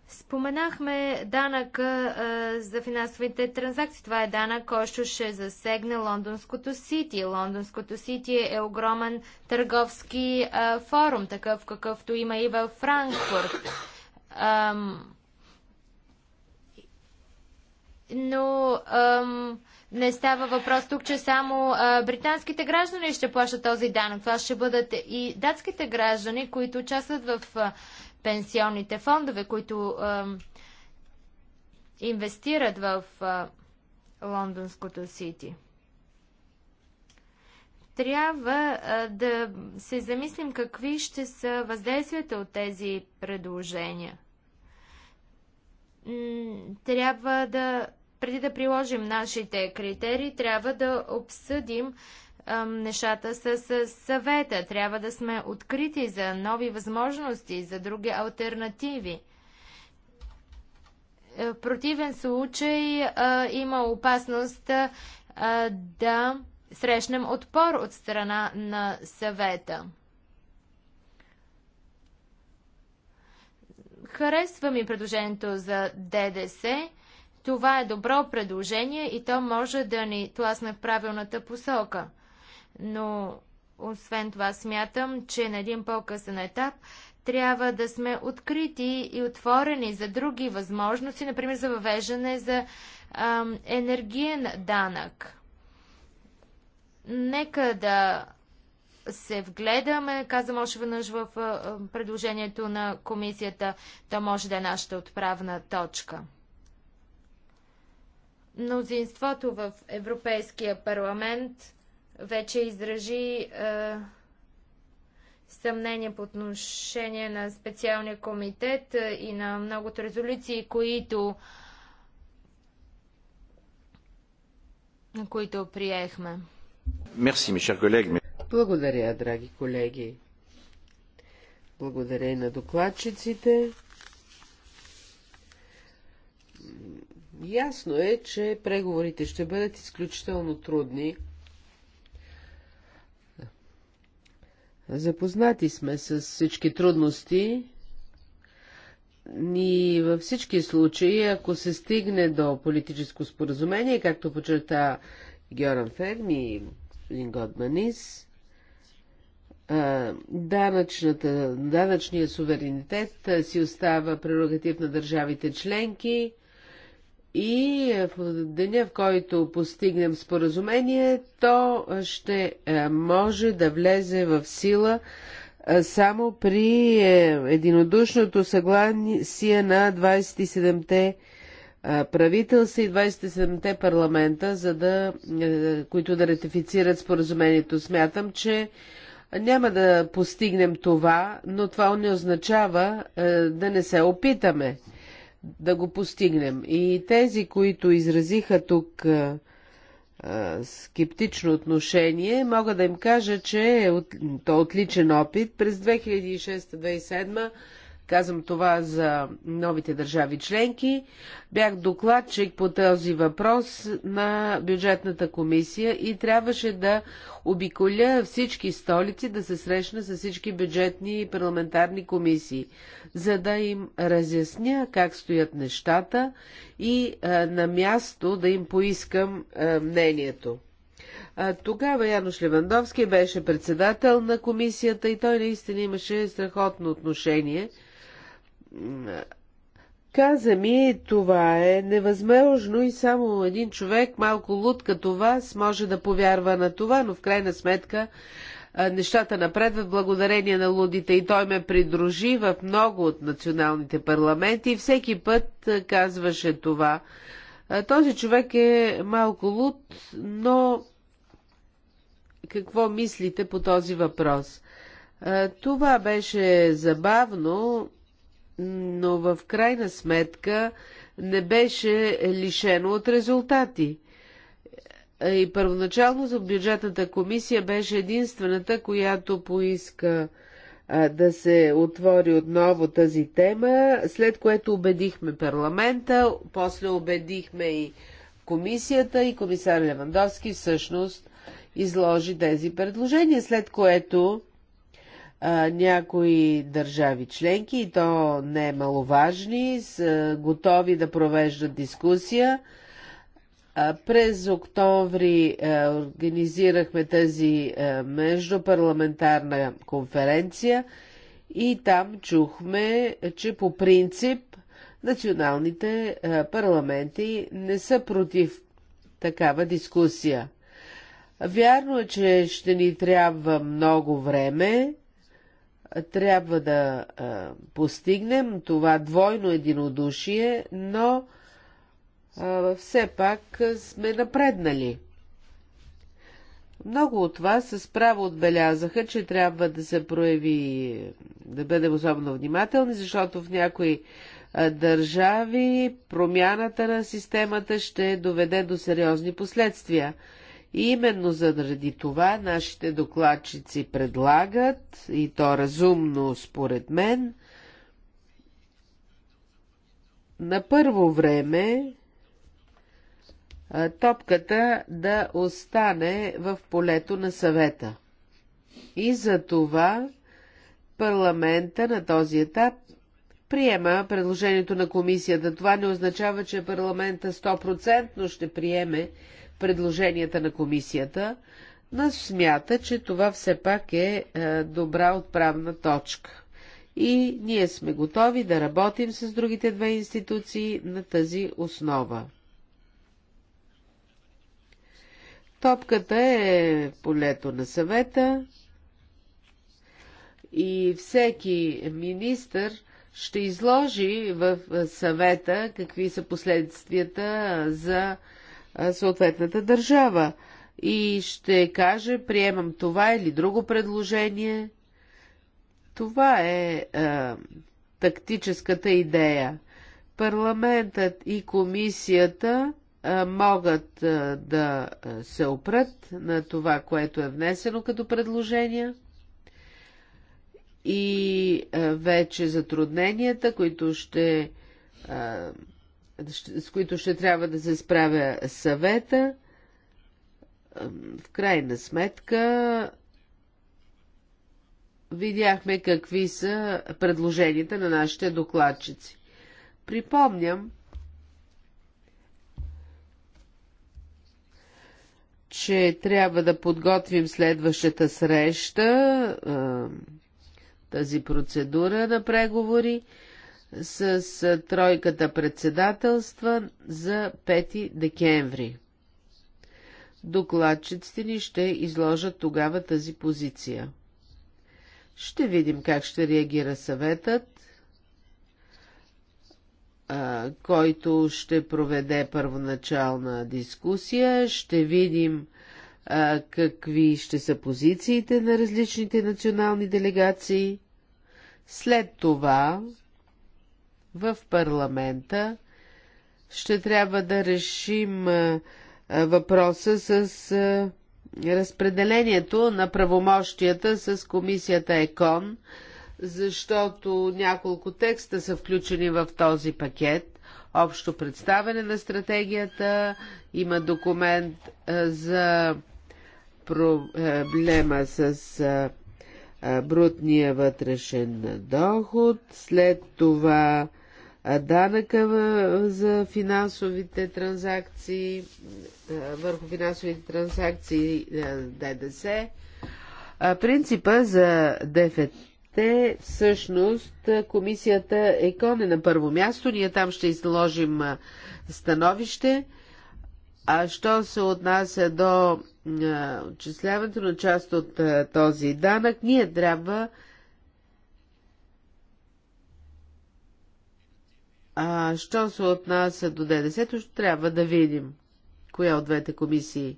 Споменахме данък а, за финансовите транзакции. Това е данък, който ще засегне Лондонското Сити. Лондонското Сити е огромен търговски а, форум, такъв какъвто има и във Франкфурт но ам, не става въпрос тук, че само а, британските граждани ще плащат този данък. Това ще бъдат и датските граждани, които участват в а, пенсионните фондове, които ам, инвестират в а, лондонското сити. Трябва а, да се замислим какви ще са въздействията от тези предложения трябва да преди да приложим нашите критерии, трябва да обсъдим а, нещата с, с съвета. Трябва да сме открити за нови възможности, за други альтернативи. Е, в противен случай а, има опасност а, да срещнем отпор от страна на съвета. Харесва ми предложението за ДДС това е добро предложение и то може да ни тласне в правилната посока. Но освен това смятам, че на един по-късен етап трябва да сме открити и отворени за други възможности, например за въвеждане за ам, енергиен данък. Нека да се вгледаме, казвам още веднъж в предложението на комисията, то може да е нашата отправна точка. Мнозинството в Европейския парламент вече изражи е, съмнение по отношение на специалния комитет е, и на многото резолюции, които, които приехме. Мерси, ми колеги. Благодаря, драги колеги. Благодаря и на докладчиците. Ясно е, че преговорите ще бъдат изключително трудни. Запознати сме с всички трудности и във всички случаи, ако се стигне до политическо споразумение, както почерта Георан Ферм и господин Годманис, данъчният суверенитет си остава прерогатив на държавите членки – и в деня, в който постигнем споразумение, то ще е, може да влезе в сила е, само при е, единодушното съгласие на 27-те правителства и 27-те парламента, за да, които да ратифицират споразумението. Смятам, че няма да постигнем това, но това не означава да не се опитаме да го постигнем. И тези, които изразиха тук а, а, скептично отношение, мога да им кажа, че е от, то е отличен опит. През 2006-2007 Казвам това за новите държави членки. Бях докладчик по този въпрос на бюджетната комисия и трябваше да обиколя всички столици, да се срещна с всички бюджетни и парламентарни комисии, за да им разясня как стоят нещата и а, на място да им поискам а, мнението. А, тогава Януш Левандовски беше председател на комисията и той наистина имаше страхотно отношение – каза ми, това е невъзможно и само един човек, малко луд като вас, може да повярва на това, но в крайна сметка нещата напредват благодарение на лудите и той ме придружи в много от националните парламенти и всеки път казваше това. Този човек е малко луд, но какво мислите по този въпрос? Това беше забавно, но в крайна сметка не беше лишено от резултати. И първоначално за бюджетната комисия беше единствената, която поиска да се отвори отново тази тема, след което убедихме парламента, после убедихме и комисията и комисар Левандовски всъщност изложи тези предложения, след което някои държави членки, и то не е маловажни, са готови да провеждат дискусия. През октомври организирахме тази междупарламентарна конференция и там чухме, че по принцип националните парламенти не са против такава дискусия. Вярно е, че ще ни трябва много време, трябва да а, постигнем това двойно единодушие, но а, все пак сме напреднали. Много от вас с право отбелязаха, че трябва да се прояви, да бъдем особено внимателни, защото в някои държави промяната на системата ще доведе до сериозни последствия. И именно заради това нашите докладчици предлагат, и то разумно според мен, на първо време топката да остане в полето на съвета. И за това парламента на този етап приема предложението на комисията. Това не означава, че парламента 100% ще приеме предложенията на комисията, но смята, че това все пак е, е добра отправна точка. И ние сме готови да работим с другите две институции на тази основа. Топката е полето на съвета и всеки министър ще изложи в съвета какви са последствията за съответната държава и ще каже приемам това или друго предложение. Това е, е тактическата идея. Парламентът и комисията могат да се опрат на това, което е внесено като предложение и вече затрудненията, които ще с които ще трябва да се справя съвета. В крайна сметка видяхме какви са предложенията на нашите докладчици. Припомням, че трябва да подготвим следващата среща, тази процедура на преговори с тройката председателства за 5 декември. Докладчиците ни ще изложат тогава тази позиция. Ще видим как ще реагира съветът, който ще проведе първоначална дискусия. Ще видим какви ще са позициите на различните национални делегации. След това в парламента ще трябва да решим въпроса с разпределението на правомощията с комисията ЕКОН, защото няколко текста са включени в този пакет. Общо представяне на стратегията, има документ за проблема с брутния вътрешен доход, след това данъка за финансовите транзакции, върху финансовите транзакции ДДС. Принципа за ДФТ всъщност комисията ЕКОН е на първо място. Ние там ще изложим становище. А що се отнася до отчисляването на част от този данък, ние трябва А, що се отнася до ДДС, ще трябва да видим коя от двете комисии.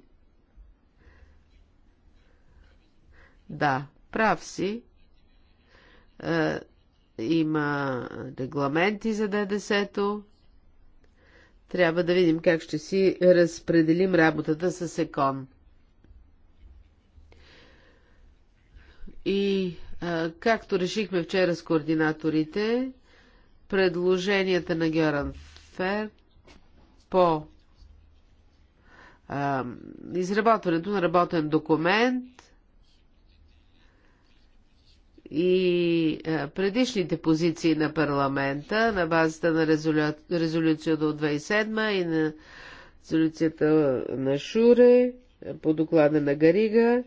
Да, прав си. Е, има регламенти за ДДС-то. Трябва да видим как ще си разпределим работата с ЕКОН. И е, както решихме вчера с координаторите, предложенията на Геран Фер по а, изработването на работен документ и а, предишните позиции на парламента на базата на резолю... резолюцията от 2007 и на резолюцията на Шуре по доклада на Гарига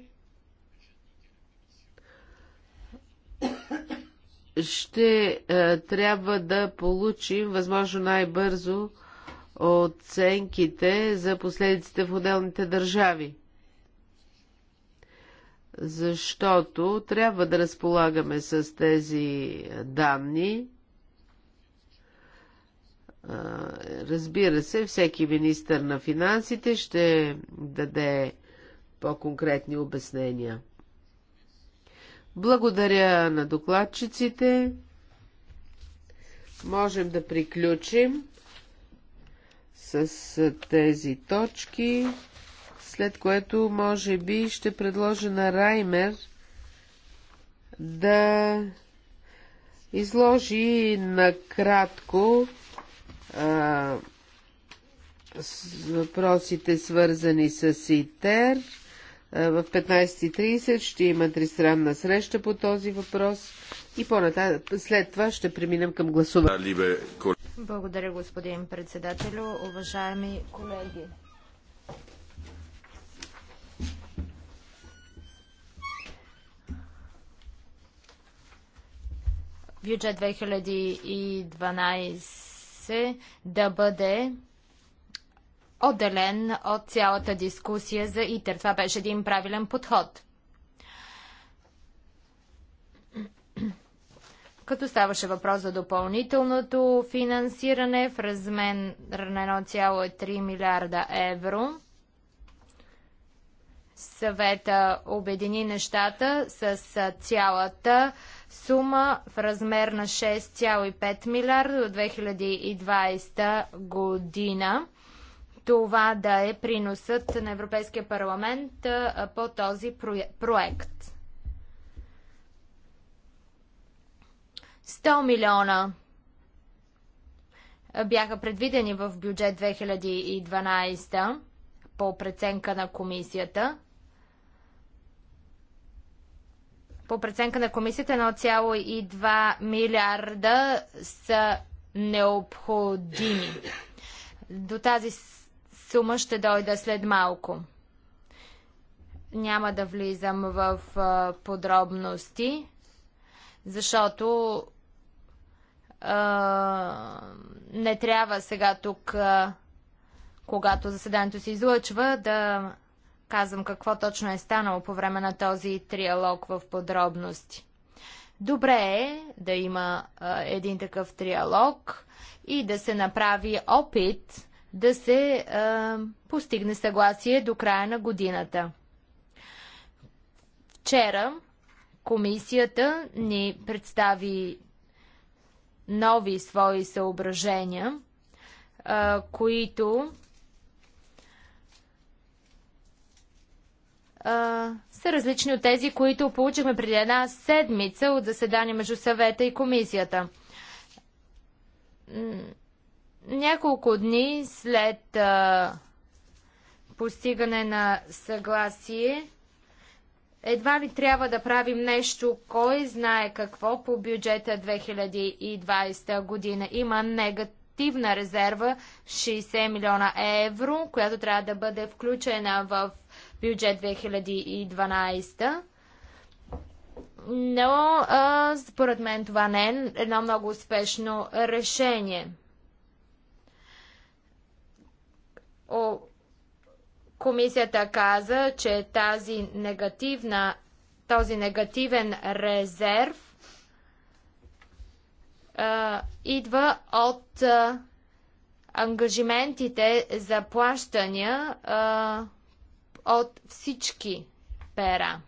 ще е, трябва да получим възможно най-бързо оценките за последиците в отделните държави. Защото трябва да разполагаме с тези данни. Е, разбира се, всеки министър на финансите ще даде по-конкретни обяснения. Благодаря на докладчиците. Можем да приключим с тези точки, след което може би ще предложа на Раймер да изложи накратко а, с въпросите свързани с ИТЕР е, в 15.30 ще има тристранна среща по този въпрос и по-нататък след това ще преминем към гласуване. Благодаря, господин председателю. Уважаеми колеги, бюджет 2012 да бъде отделен от цялата дискусия за ИТЕР. Това беше един правилен подход. Като ставаше въпрос за допълнителното финансиране в размер на 1,3 милиарда евро, съвета обедини нещата с цялата сума в размер на 6,5 милиарда до 2020 година това да е приносът на Европейския парламент по този проект. 100 милиона бяха предвидени в бюджет 2012 по преценка на комисията. По преценка на комисията на 1,2 милиарда са необходими. До тази сума ще дойда след малко. Няма да влизам в подробности, защото а, не трябва сега тук, а, когато заседанието се излъчва, да казвам какво точно е станало по време на този триалог в подробности. Добре е да има а, един такъв триалог и да се направи опит да се а, постигне съгласие до края на годината. Вчера комисията ни представи нови свои съображения, а, които а, са различни от тези, които получихме преди една седмица от заседание между съвета и комисията няколко дни след а, постигане на съгласие, едва ли трябва да правим нещо, кой знае какво по бюджета 2020 година. Има негативна резерва 60 милиона евро, която трябва да бъде включена в бюджет 2012. Но, а, според мен, това не е едно много успешно решение. О, комисията каза, че тази негативна, този негативен резерв а, идва от а, ангажиментите за плащания а, от всички пера.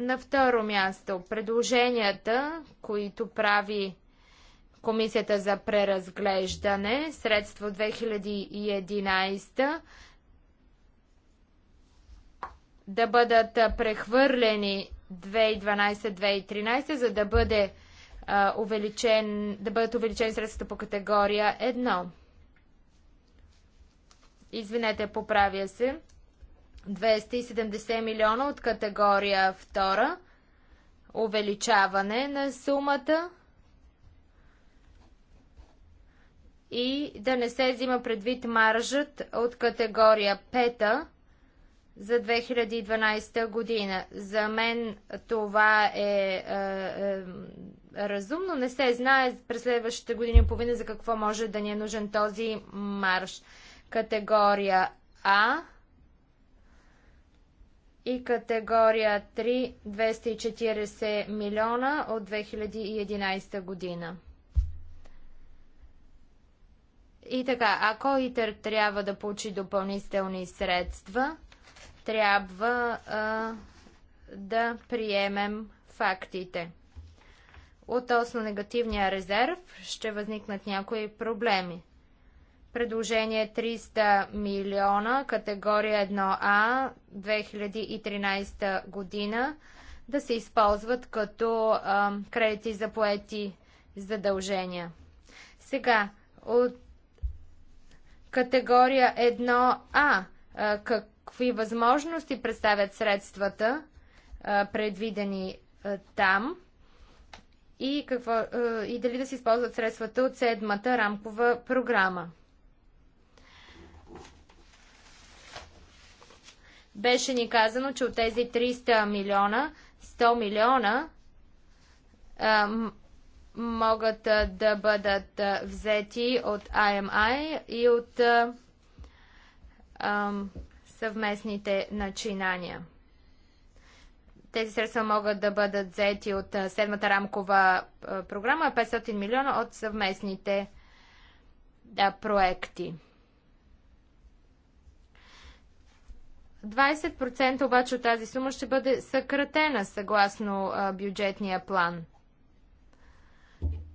На второ място, предложенията, които прави Комисията за преразглеждане, средство 2011 да бъдат прехвърлени 2012-2013, за да бъде а, увеличен, да бъдат увеличени средствата по категория 1. Извинете, поправя се. 270 милиона от категория 2. Увеличаване на сумата и да не се взима предвид маржът от категория 5 за 2012 година. За мен това е, е, е разумно. Не се знае през следващите години и половина за какво може да ни е нужен този марш. Категория А и категория 3 240 милиона от 2011 година. И така, ако ИТЕР трябва да получи допълнителни средства, трябва а, да приемем фактите. Относно негативния резерв ще възникнат някои проблеми. Предложение 300 милиона, категория 1А, 2013 година, да се използват като а, кредити за поети задължения. Сега, от Категория 1А. Какви възможности представят средствата, предвидени там? И, какво, и дали да се използват средствата от седмата рамкова програма? Беше ни казано, че от тези 300 милиона, 100 милиона могат да бъдат взети от IMI и от съвместните начинания. Тези средства могат да бъдат взети от седмата рамкова програма, 500 милиона от съвместните да, проекти. 20% обаче от тази сума ще бъде съкратена съгласно бюджетния план –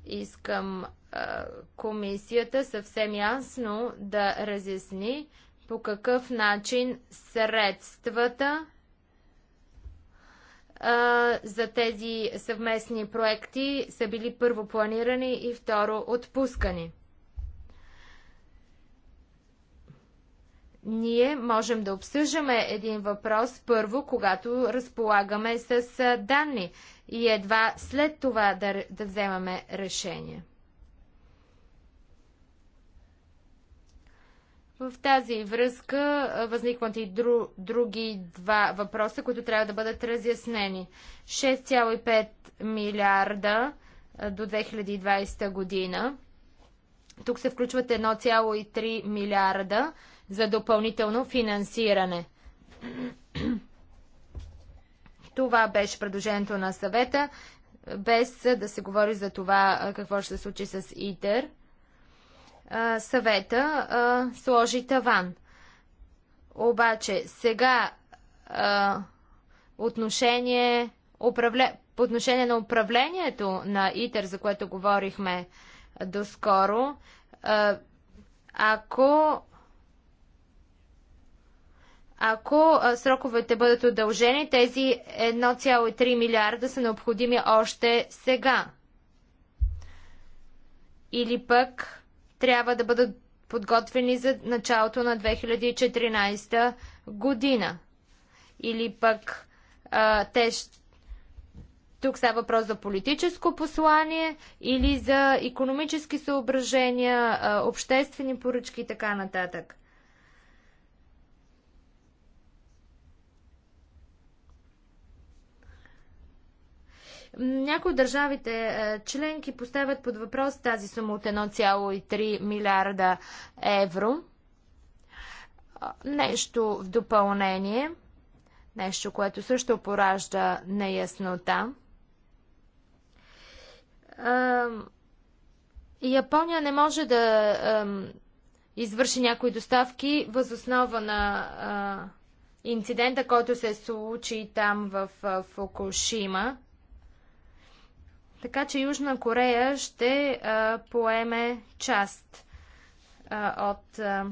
Искам а, комисията съвсем ясно да разясни по какъв начин средствата а, за тези съвместни проекти са били първо планирани и второ отпускани. ние можем да обсъждаме един въпрос първо, когато разполагаме с данни и едва след това да, да вземаме решение. В тази връзка възникват и дру, други два въпроса, които трябва да бъдат разяснени. 6,5 милиарда до 2020 година. Тук се включват 1,3 милиарда за допълнително финансиране. Това беше предложението на съвета, без да се говори за това какво ще се случи с ИТЕР. Съвета сложи таван. Обаче сега отношение, управле... по отношение на управлението на ИТЕР, за което говорихме доскоро, ако ако сроковете бъдат удължени, тези 1,3 милиарда са необходими още сега. Или пък трябва да бъдат подготвени за началото на 2014 година. Или пък а, те тук става въпрос за политическо послание или за економически съображения, обществени поръчки и така нататък. Някои държавите е, членки поставят под въпрос тази сума от 1,3 милиарда евро. Нещо в допълнение, нещо, което също поражда неяснота. Япония не може да извърши някои доставки възоснова на инцидента, който се случи там в Фукушима. Така че Южна Корея ще а, поеме част а, от а,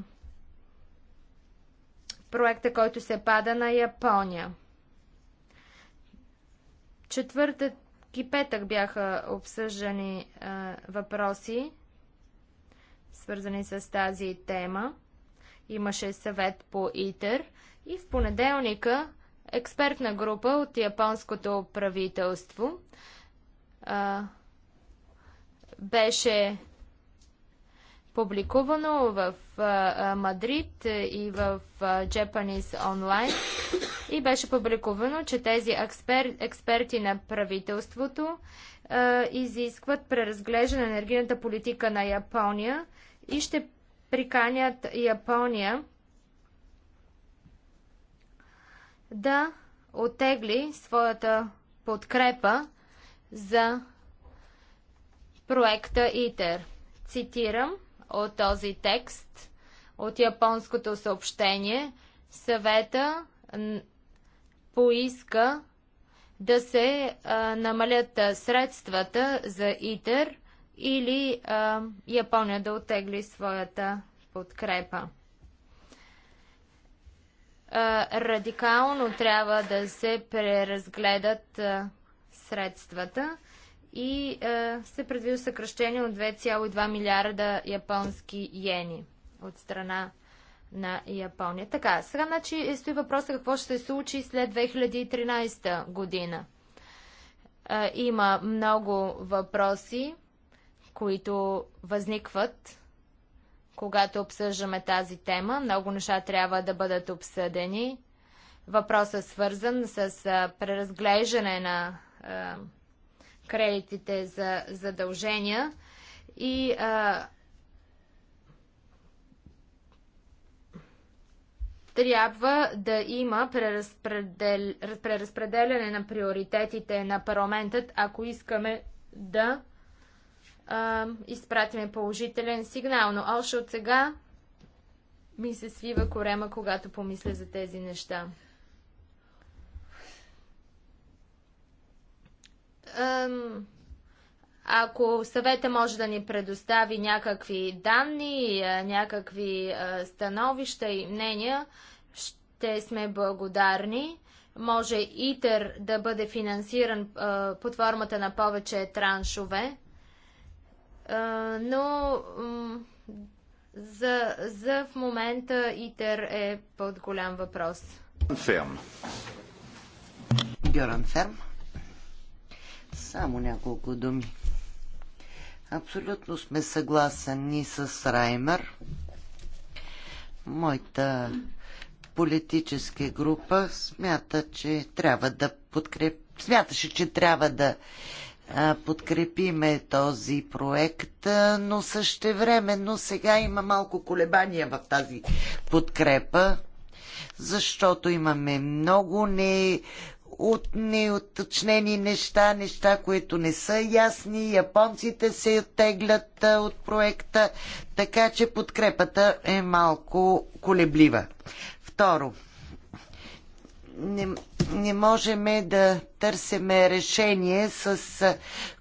проекта, който се пада на Япония. Четвъртък и петък бяха обсъждани а, въпроси, свързани с тази тема. Имаше съвет по ИТЕР и в понеделника експертна група от японското правителство – а, беше публикувано в а, Мадрид и в а, Japanese Online и беше публикувано, че тези експер, експерти на правителството а, изискват преразглеждане на енергийната политика на Япония и ще приканят Япония да отегли своята подкрепа за проекта ИТЕР. Цитирам от този текст от японското съобщение. Съвета поиска да се а, намалят средствата за ИТЕР или а, Япония да отегли своята подкрепа. А, радикално трябва да се преразгледат а, средствата и е, се предвижда съкръщение от 2,2 милиарда японски йени от страна на Япония. Така, сега значи е, стои въпроса какво ще се случи след 2013 година. Е, има много въпроси, които възникват, когато обсъждаме тази тема. Много неща трябва да бъдат обсъдени. Въпросът е свързан с е, преразглеждане на кредитите за задължения и а, трябва да има преразпределяне на приоритетите на парламентът, ако искаме да а, изпратиме положителен сигнал. Но още от сега ми се свива корема, когато помисля за тези неща. ако съвета може да ни предостави някакви данни, някакви становища и мнения, ще сме благодарни. Може ИТЕР да бъде финансиран под формата на повече траншове, но за, за в момента ИТЕР е под голям въпрос. Ферм. Гаран Ферм. Само няколко думи. Абсолютно сме съгласени с Раймер. Моята политическа група смята, че трябва да подкреп... смяташе, че трябва да подкрепиме този проект, но същевременно сега има малко колебания в тази подкрепа, защото имаме много не от неоточнени неща, неща, които не са ясни. Японците се оттеглят от проекта, така че подкрепата е малко колеблива. Второ, не, не можем да търсиме решение, с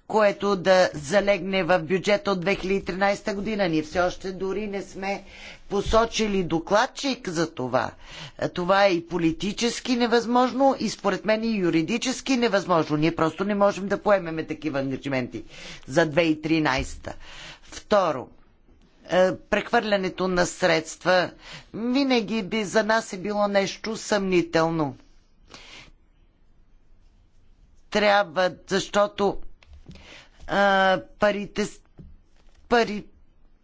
което да залегне в бюджета от 2013 година. Ние все още дори не сме посочили докладчик за това. Това е и политически невъзможно и според мен и юридически невъзможно. Ние просто не можем да поемеме такива ангажименти за 2013. Второ, е, прехвърлянето на средства винаги би за нас е било нещо съмнително. Трябва, защото а, е, парите, пари,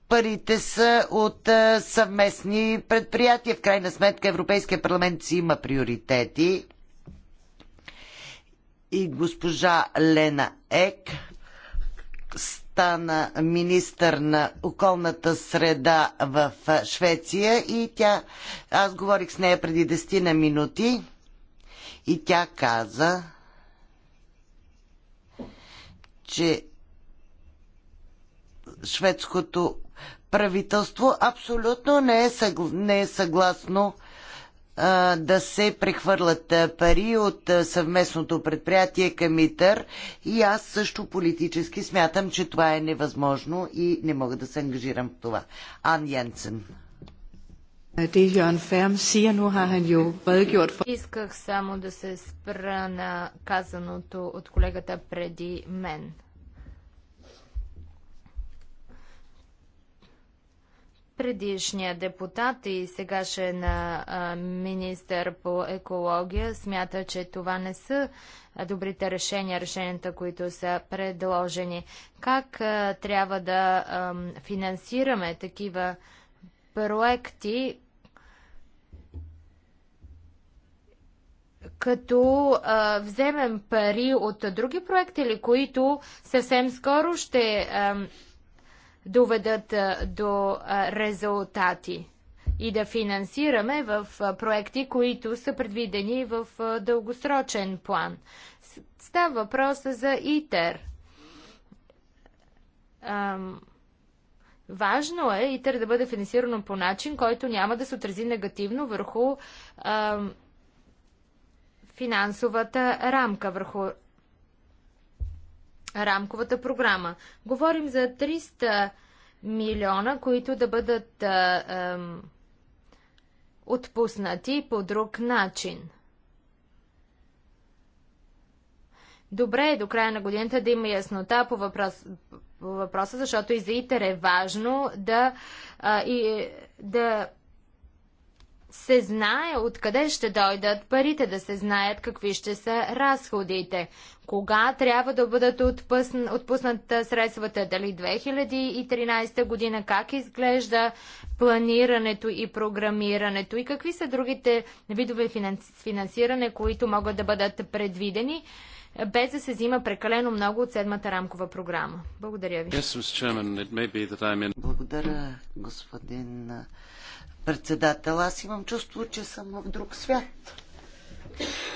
парите са от съвместни предприятия. В крайна сметка Европейския парламент си има приоритети. И госпожа Лена Ек стана министър на околната среда в Швеция и тя, аз говорих с нея преди 10 на минути и тя каза, че шведското правителство абсолютно не е, не е съгласно а, да се прехвърлят пари от съвместното предприятие към ИТър и аз също политически смятам, че това е невъзможно и не мога да се ангажирам в това. Ан Янсен. Er Исках само да се спра на казаното от колегата преди мен. Предишният депутат и сегашен министър по екология смята, че това не са добрите решения, решенията, които са предложени. Как трябва да финансираме такива проекти, като а, вземем пари от други проекти, или които съвсем скоро ще а, доведат до резултати и да финансираме в проекти, които са предвидени в дългосрочен план. Става въпрос за ИТЕР. Важно е ИТЕР да бъде финансирано по начин, който няма да се отрази негативно върху финансовата рамка, върху рамковата програма. Говорим за 300 милиона, които да бъдат а, а, отпуснати по друг начин. Добре е до края на годината да има яснота по, въпрос, по въпроса, защото и за ИТЕР е важно да, а, и, да се знае откъде ще дойдат парите, да се знаят какви ще са разходите, кога трябва да бъдат отпусна, отпуснат средствата, дали 2013 година, как изглежда планирането и програмирането и какви са другите видове финансиране, които могат да бъдат предвидени без да се взима прекалено много от седмата рамкова програма. Благодаря ви. Благодаря, господин председател. Аз имам чувство, че съм в друг свят.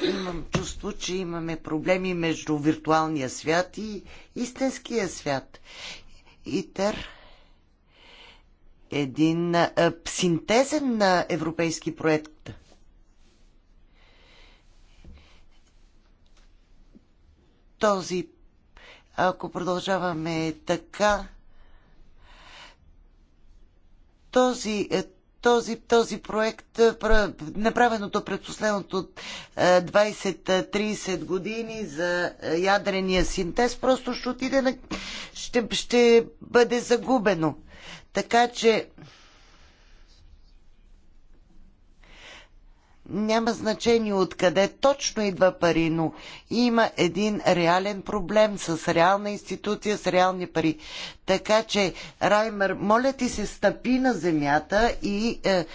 Имам чувство, че имаме проблеми между виртуалния свят и истинския свят. ИТЕР е един а, синтезен на европейски проект. Този, ако продължаваме така, този е, този, този проект, е, направеното пред последното 20-30 е, години за е, ядрения синтез, просто ще отиде на... ще, ще бъде загубено. Така че няма значение откъде точно идва пари, но има един реален проблем с реална институция, с реални пари. Така че, Раймер, моля ти се, стъпи на земята и е,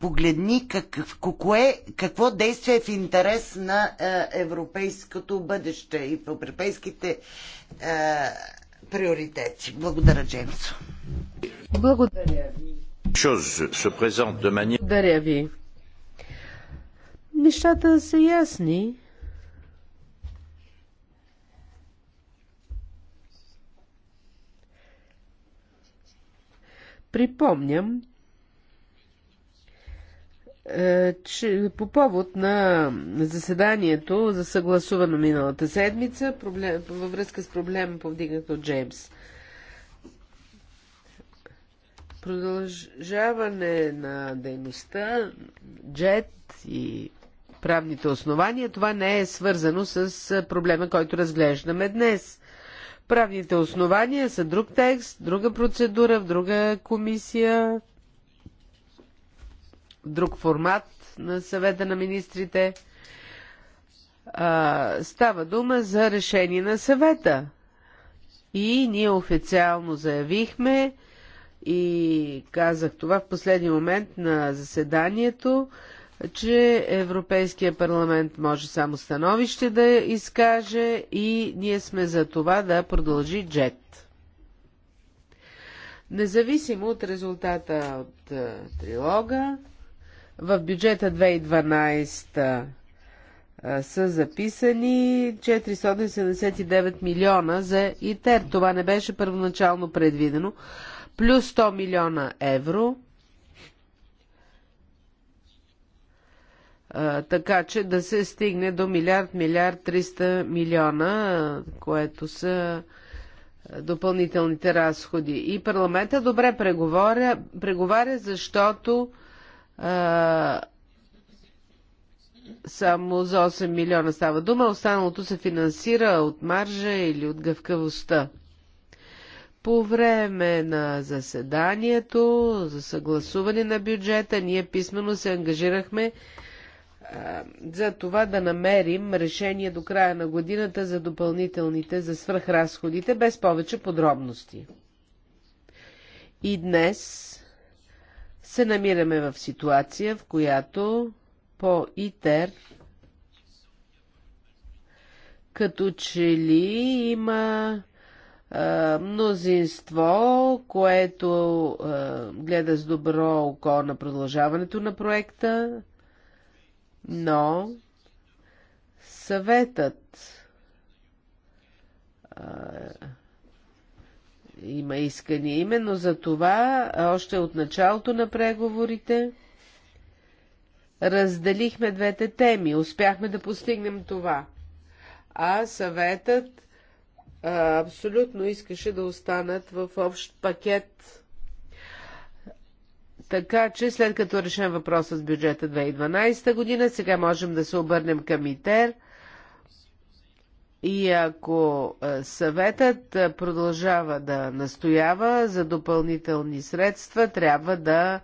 погледни как, кое, какво действие е в интерес на е, европейското бъдеще и в европейските е, приоритети. Благодаря, Джеймсо. Благодаря ви. Благодаря ви нещата да са ясни. Припомням, е, че по повод на заседанието за съгласуване миналата седмица проблем, във връзка с проблема повдигнат от Джеймс. Продължаване на дейността джет и правните основания, това не е свързано с проблема, който разглеждаме днес. Правните основания са друг текст, друга процедура, в друга комисия, друг формат на съвета на министрите. А, става дума за решение на съвета. И ние официално заявихме и казах това в последния момент на заседанието, че Европейския парламент може само становище да изкаже и ние сме за това да продължи джет. Независимо от резултата от е, трилога, в бюджета 2012 е, са записани 479 милиона за ИТЕР. Това не беше първоначално предвидено. Плюс 100 милиона евро – така че да се стигне до милиард, милиард 300 милиона, което са допълнителните разходи. И парламента добре преговаря, преговаря защото а, само за 8 милиона става дума, останалото се финансира от маржа или от гъвкавостта. По време на заседанието за съгласуване на бюджета ние писменно се ангажирахме за това да намерим решение до края на годината за допълнителните, за свръхразходите, без повече подробности. И днес се намираме в ситуация, в която по ИТЕР като че ли има а, мнозинство, което а, гледа с добро око на продължаването на проекта, но съветът а, има искане. Именно за това, още от началото на преговорите, разделихме двете теми. Успяхме да постигнем това. А съветът а, абсолютно искаше да останат в общ пакет така че след като решим въпроса с бюджета 2012 година, сега можем да се обърнем към ИТЕР. И ако е, съветът е, продължава да настоява за допълнителни средства, трябва да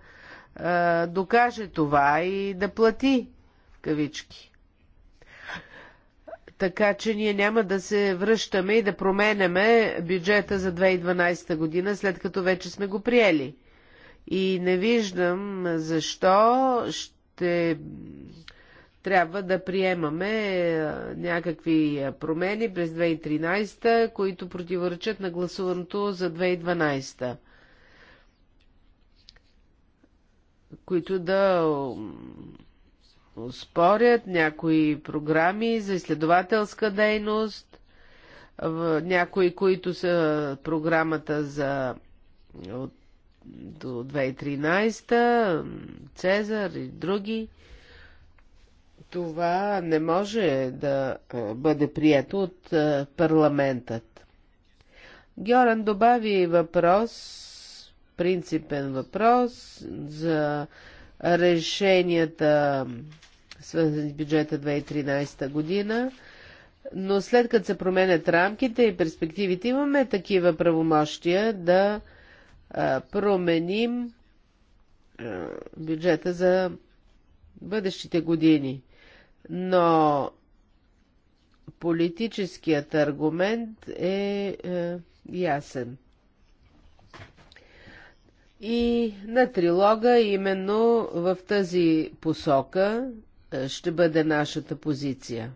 е, докаже това и да плати в кавички. Така че ние няма да се връщаме и да променяме бюджета за 2012 година, след като вече сме го приели. И не виждам защо ще трябва да приемаме някакви промени през 2013, които противоречат на гласуваното за 2012, които да спорят някои програми за изследователска дейност, някои, които са програмата за от до 2013, Цезар и други. Това не може да бъде прието от парламентът. Георан добави въпрос, принципен въпрос за решенията свързани с бюджета 2013 година, но след като се променят рамките и перспективите, имаме такива правомощия да променим бюджета за бъдещите години. Но политическият аргумент е, ясен. И на трилога именно в тази посока ще бъде нашата позиция.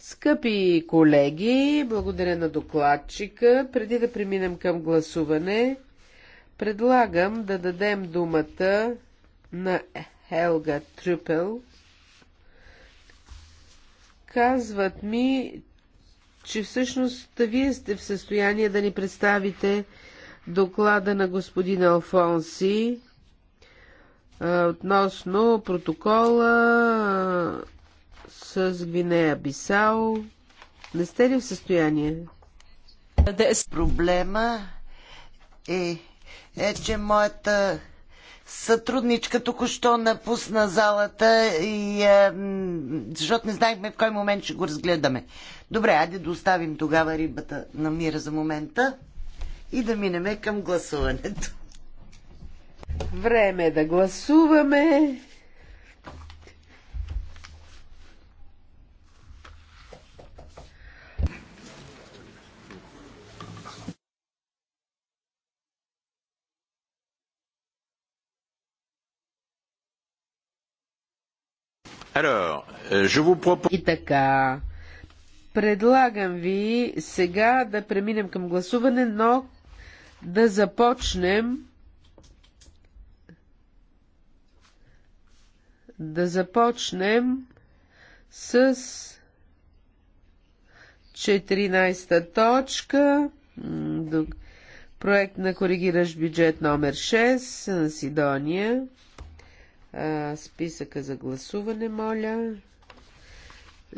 Скъпи колеги, благодаря на докладчика. Преди да преминем към гласуване, предлагам да дадем думата на Хелга Трюпел. Казват ми, че всъщност вие сте в състояние да ни представите доклада на господин Алфонси относно протокола с Гвинея Бисао. Не сте ли в състояние? Проблема е, е че моята сътрудничка току-що напусна залата и е, защото не знаехме в кой момент ще го разгледаме. Добре, айде да оставим тогава рибата на мира за момента и да минеме към гласуването. Време е да гласуваме. Alors, euh, je vous propose... И така, предлагам ви сега да преминем към гласуване, но да започнем да започнем с 14-та точка проект на коригиращ бюджет номер 6 на Сидония списъка за гласуване, моля.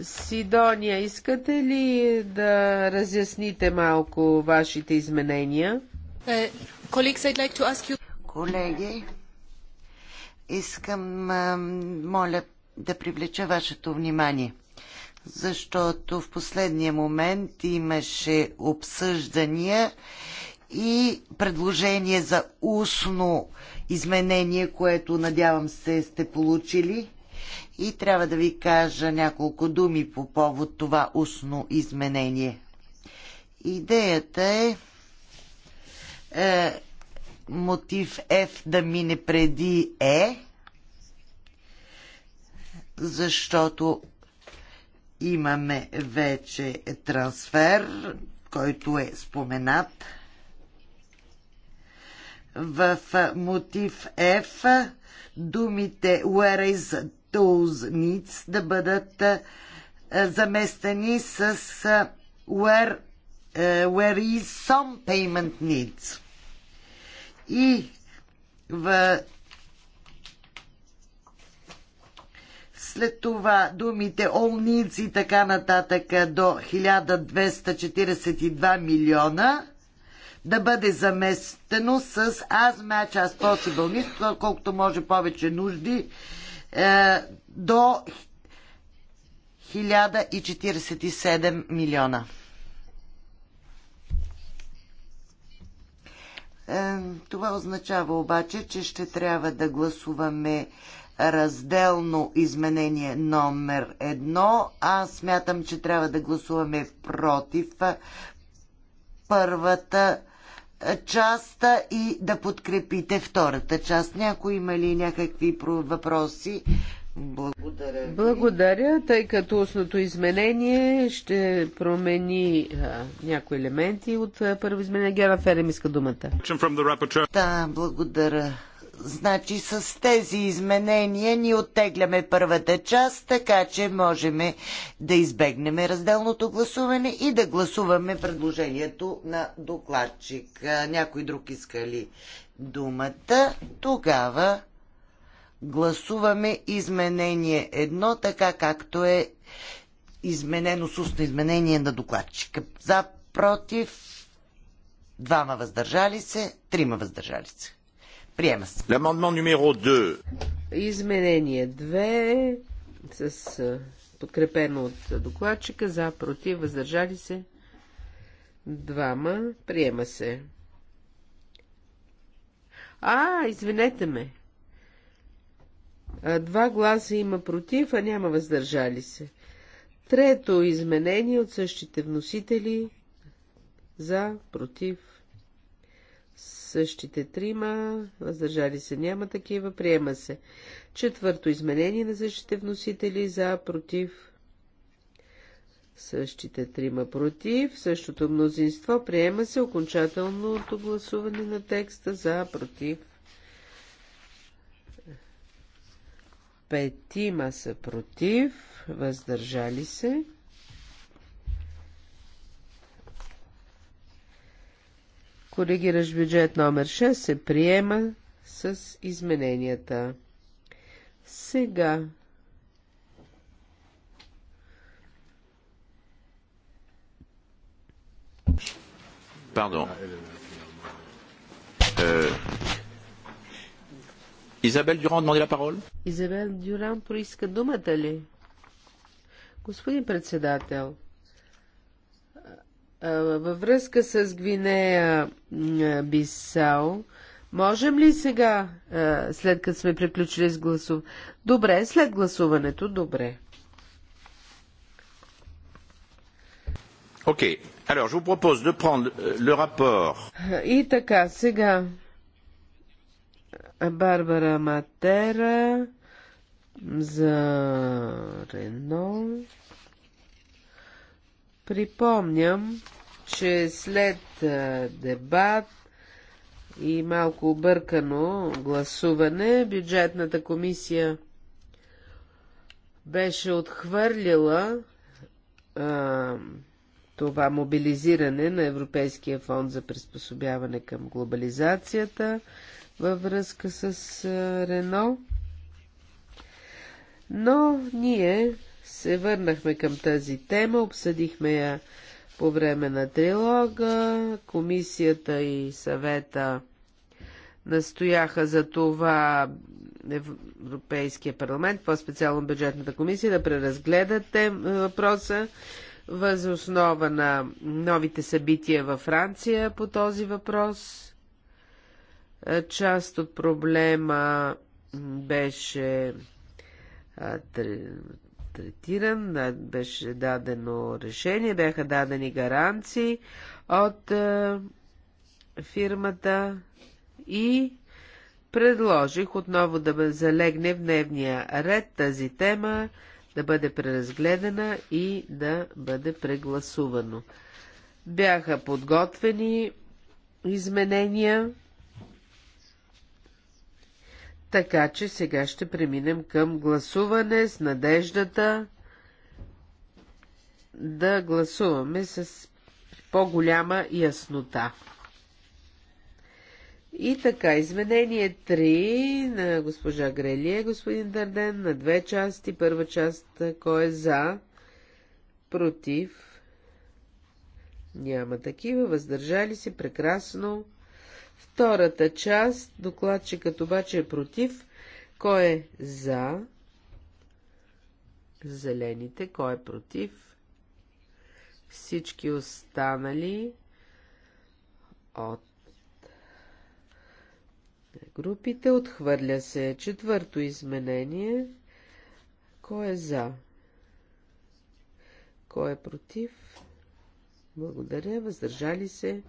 Сидония, искате ли да разясните малко вашите изменения? Е, Колеги, искам, моля, да привлеча вашето внимание, защото в последния момент имаше обсъждания и предложение за устно изменение, което надявам се сте получили. И трябва да ви кажа няколко думи по повод това устно изменение. Идеята е, е мотив F да мине преди E, защото имаме вече трансфер, който е споменат в мотив F думите Where is those needs да бъдат заместени с Where, where is some payment needs. И в след това думите All Needs и така нататък до 1242 милиона да бъде заместено с as much as possible, нищо, колкото може повече нужди, е, до 1047 милиона. Е, това означава обаче, че ще трябва да гласуваме разделно изменение номер едно. Аз смятам, че трябва да гласуваме против първата част и да подкрепите втората част. Някой има ли някакви въпроси? Благодаря. Ви. Благодаря, тъй като устното изменение ще промени а, някои елементи от а, първо изменение. Гера Ферем иска думата. Да, благодаря. Значи с тези изменения ни оттегляме първата част, така че можем да избегнем разделното гласуване и да гласуваме предложението на докладчик. Някой друг иска ли думата? Тогава гласуваме изменение едно, така както е изменено с устно изменение на докладчика. За, против, двама въздържали се, трима въздържали се. Приема се. Изменение 2 с подкрепено от докладчика за, против, въздържали се. Двама. Приема се. А, извинете ме. Два гласа има против, а няма въздържали се. Трето изменение от същите вносители за, против, същите трима, въздържали се няма такива, приема се. Четвърто изменение на същите вносители за, против, същите трима против, същото мнозинство, приема се окончателното гласуване на текста за, против. Петима са против, въздържали се. Коригираш бюджет номер 6 се приема с измененията. Сега Pardon. Euh, Изабел Дюран demandé la parole. Изабел Дюран поиска думата ли? Господин председател, във връзка с Гвинея Бисао, можем ли сега, след като сме приключили с гласуването? Добре, след гласуването, добре. Окей. Okay. Alors, je vous propose de prendre euh, le rapport. И така, сега. Барбара Матера за Рено. Припомням, че след дебат и малко объркано гласуване, бюджетната комисия беше отхвърлила а, това мобилизиране на Европейския фонд за приспособяване към глобализацията във връзка с а, Рено. Но ние се върнахме към тази тема, обсъдихме я по време на трилога, комисията и съвета настояха за това Европейския парламент, по-специално бюджетната комисия, да преразгледате въпроса въпроса възоснова на новите събития във Франция по този въпрос. Е, част от проблема беше третиран, беше дадено решение, бяха дадени гаранции от е, фирмата и предложих отново да залегне в дневния ред тази тема, да бъде преразгледана и да бъде прегласувано. Бяха подготвени изменения така че сега ще преминем към гласуване с надеждата да гласуваме с по-голяма яснота. И така, изменение 3 на госпожа Грелия, господин Дарден, на две части. Първа част, кой е за, против, няма такива, въздържали се, прекрасно, Втората част, докладчикът обаче е против. Кой е за? Зелените. Кой е против? Всички останали от групите. Отхвърля се четвърто изменение. Кой е за? Кой е против? Благодаря. Въздържали се.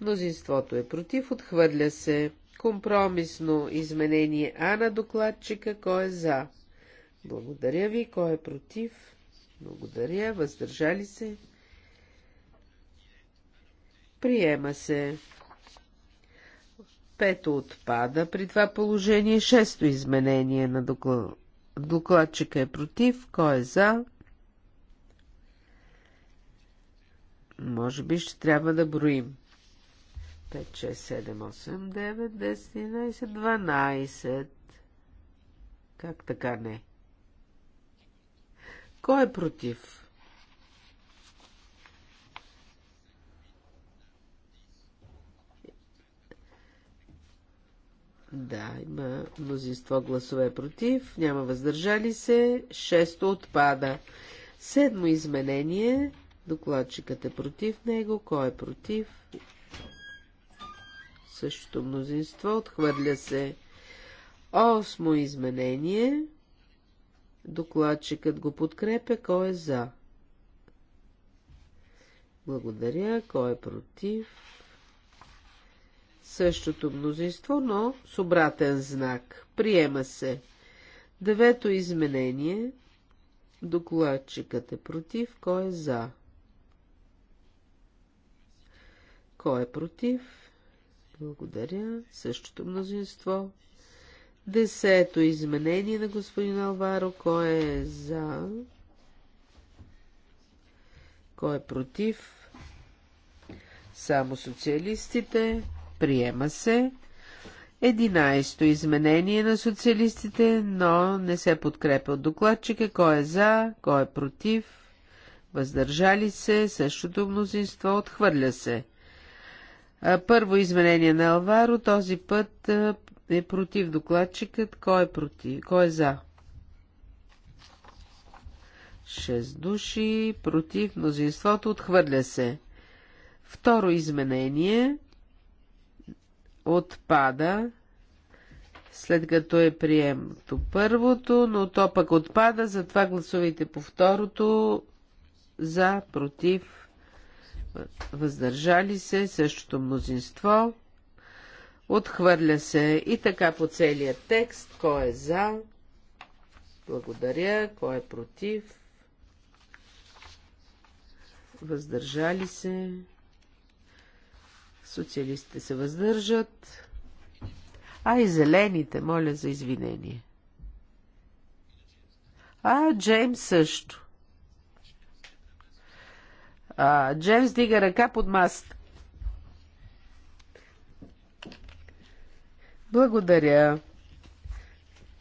Мнозинството е против, отхвърля се. Компромисно изменение А на докладчика, кой е за? Благодаря ви, кой е против? Благодаря, въздържали се. Приема се. Пето отпада, при това положение шесто изменение на доклад... докладчика е против, кой е за? Може би ще трябва да броим. 5, 6, 7, 8, 9, 10, 11, 12. Как така не? Кой е против? Да, има мнозинство гласове против, няма въздържали се, шесто отпада. Седмо изменение, докладчикът е против него, кой е против, същото мнозинство, отхвърля се. Осмо изменение. Докладчикът го подкрепя, кой е за? Благодаря, кой е против? Същото мнозинство, но с обратен знак. Приема се. Девето изменение. Докладчикът е против, кой е за? Кой е против? Благодаря. Същото мнозинство. Десето изменение на господин Алваро. Кой е за? Кой е против? Само социалистите. Приема се. Единайсто изменение на социалистите, но не се подкрепя от докладчика. Кой е за? Кой е против? Въздържали се. Същото мнозинство. Отхвърля се. Първо изменение на Алваро, този път е против докладчикът. Кой е против? Кой е за? 6 души, против мнозинството, отхвърля се. Второ изменение отпада, след като е приемто първото, но то пък отпада, затова гласувайте по второто, за, против, въздържали се, същото мнозинство, отхвърля се и така по целия текст, кой е за, благодаря, кой е против, въздържали се, социалистите се въздържат, а и зелените, моля за извинение. А, Джеймс също. А, Джеймс ръка под маст. Благодаря.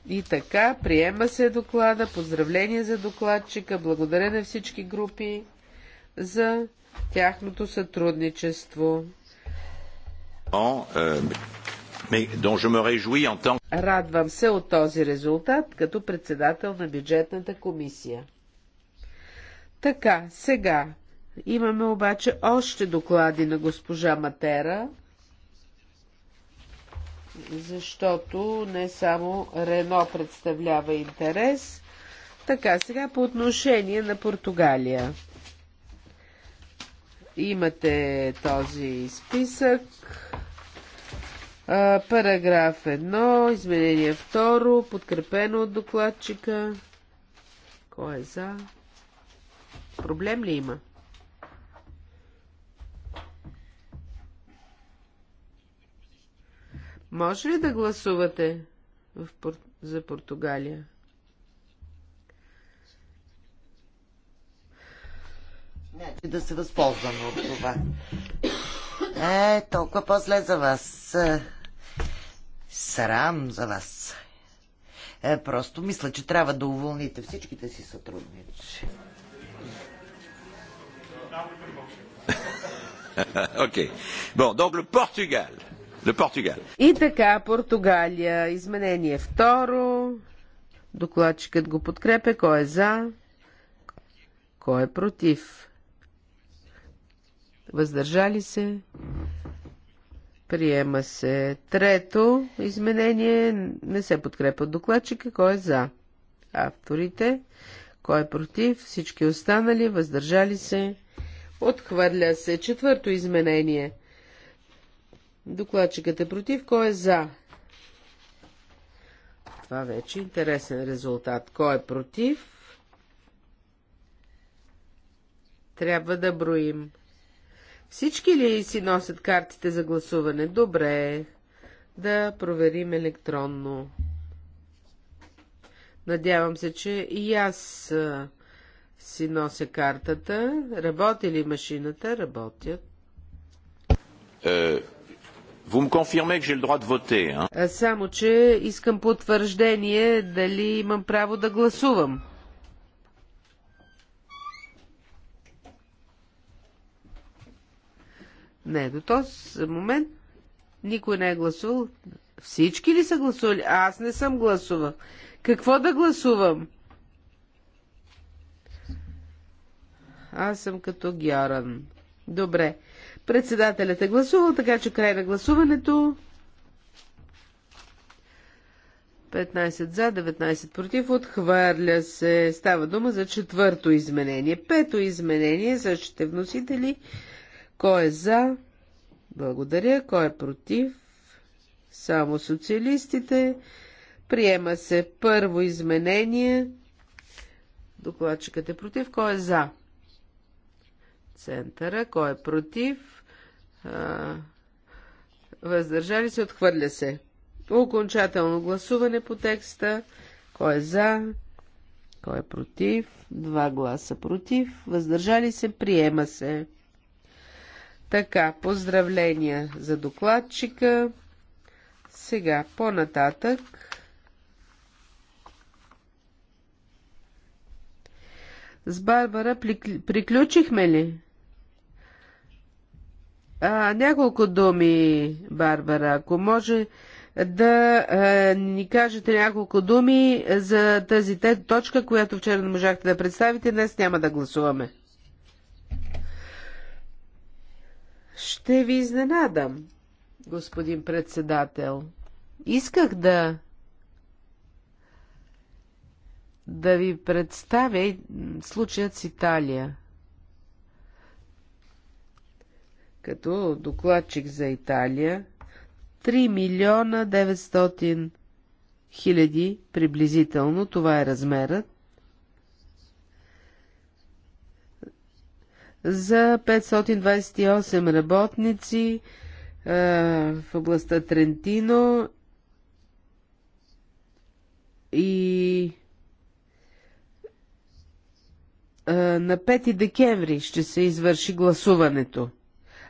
И така, приема се доклада. Поздравление за докладчика. Благодаря на всички групи за тяхното сътрудничество. Радвам се от този резултат като председател на бюджетната комисия. Така, сега Имаме обаче още доклади на госпожа Матера, защото не само Рено представлява интерес. Така, сега по отношение на Португалия. Имате този списък. параграф 1, изменение 2, подкрепено от докладчика. Кой е за? Проблем ли има? Може ли да гласувате в, за Португалия? че да се възползваме от това. Е, толкова по-зле за вас. Е, срам за вас. Е, просто мисля, че трябва да уволните всичките си сътрудници. Окей. Okay. donc le и така, Португалия. Изменение второ. Докладчикът го подкрепя. Кой е за? Кой е против? Въздържали се? Приема се. Трето изменение не се подкрепя от докладчика. Кой е за? Авторите. Кой е против? Всички останали. Въздържали се? Отхвърля се. Четвърто изменение – Докладчикът е против. Кой е за? Това вече е интересен резултат. Кой е против? Трябва да броим. Всички ли си носят картите за гласуване? Добре. Да проверим електронно. Надявам се, че и аз си нося картата. Работи ли машината? Работят. Е, само, че искам потвърждение дали имам право да гласувам. Не, до този момент никой не е гласувал. Всички ли са гласували? Аз не съм гласувал. Какво да гласувам? Аз съм като Гяран. Добре. Председателят е гласувал, така че край на гласуването. 15 за, 19 против, отхвърля се. Става дума за четвърто изменение. Пето изменение, същите вносители. Кой е за? Благодаря. Кой е против? Само социалистите. Приема се първо изменение. Докладчикът е против. Кой е за? Центъра. Кой е против? въздържали се, отхвърля се. Окончателно гласуване по текста. Кой е за? Кой е против? Два гласа против. Въздържали се, приема се. Така, поздравления за докладчика. Сега, по-нататък. С Барбара приключихме ли? А, няколко думи, Барбара, ако може да а, ни кажете няколко думи за тази точка, която вчера не можахте да представите, днес няма да гласуваме. Ще ви изненадам, господин председател. Исках да да ви представя случаят с Италия. като докладчик за Италия 3 милиона 900 хиляди приблизително, това е размерът, за 528 работници в областта Трентино и на 5 декември ще се извърши гласуването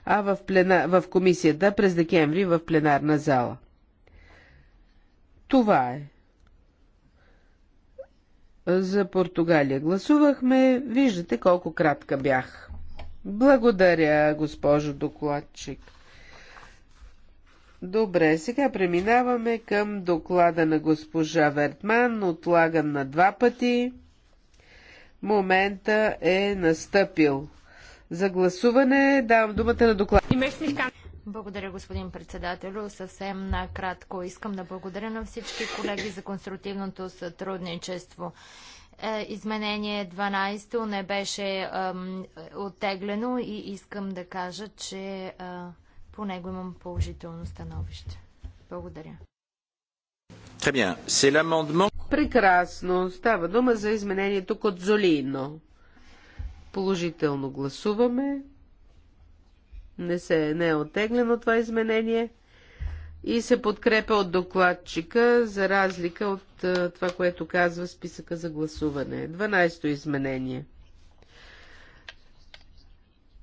а в, плена... в комисията през декември в пленарна зала. Това е. За Португалия гласувахме. Виждате колко кратка бях. Благодаря, госпожо докладчик. Добре, сега преминаваме към доклада на госпожа Вертман, отлаган на два пъти. Момента е настъпил за гласуване. Давам думата на доклад. Благодаря, господин председател, Съвсем накратко искам да благодаря на всички колеги за конструктивното сътрудничество. Е, изменение 12 не беше оттеглено и искам да кажа, че по него имам положително становище. Благодаря. Прекрасно. Става дума за изменението Кодзолино. Положително гласуваме. Не, се, не е оттеглено това изменение. И се подкрепя от докладчика, за разлика от това, което казва списъка за гласуване. 12-то изменение.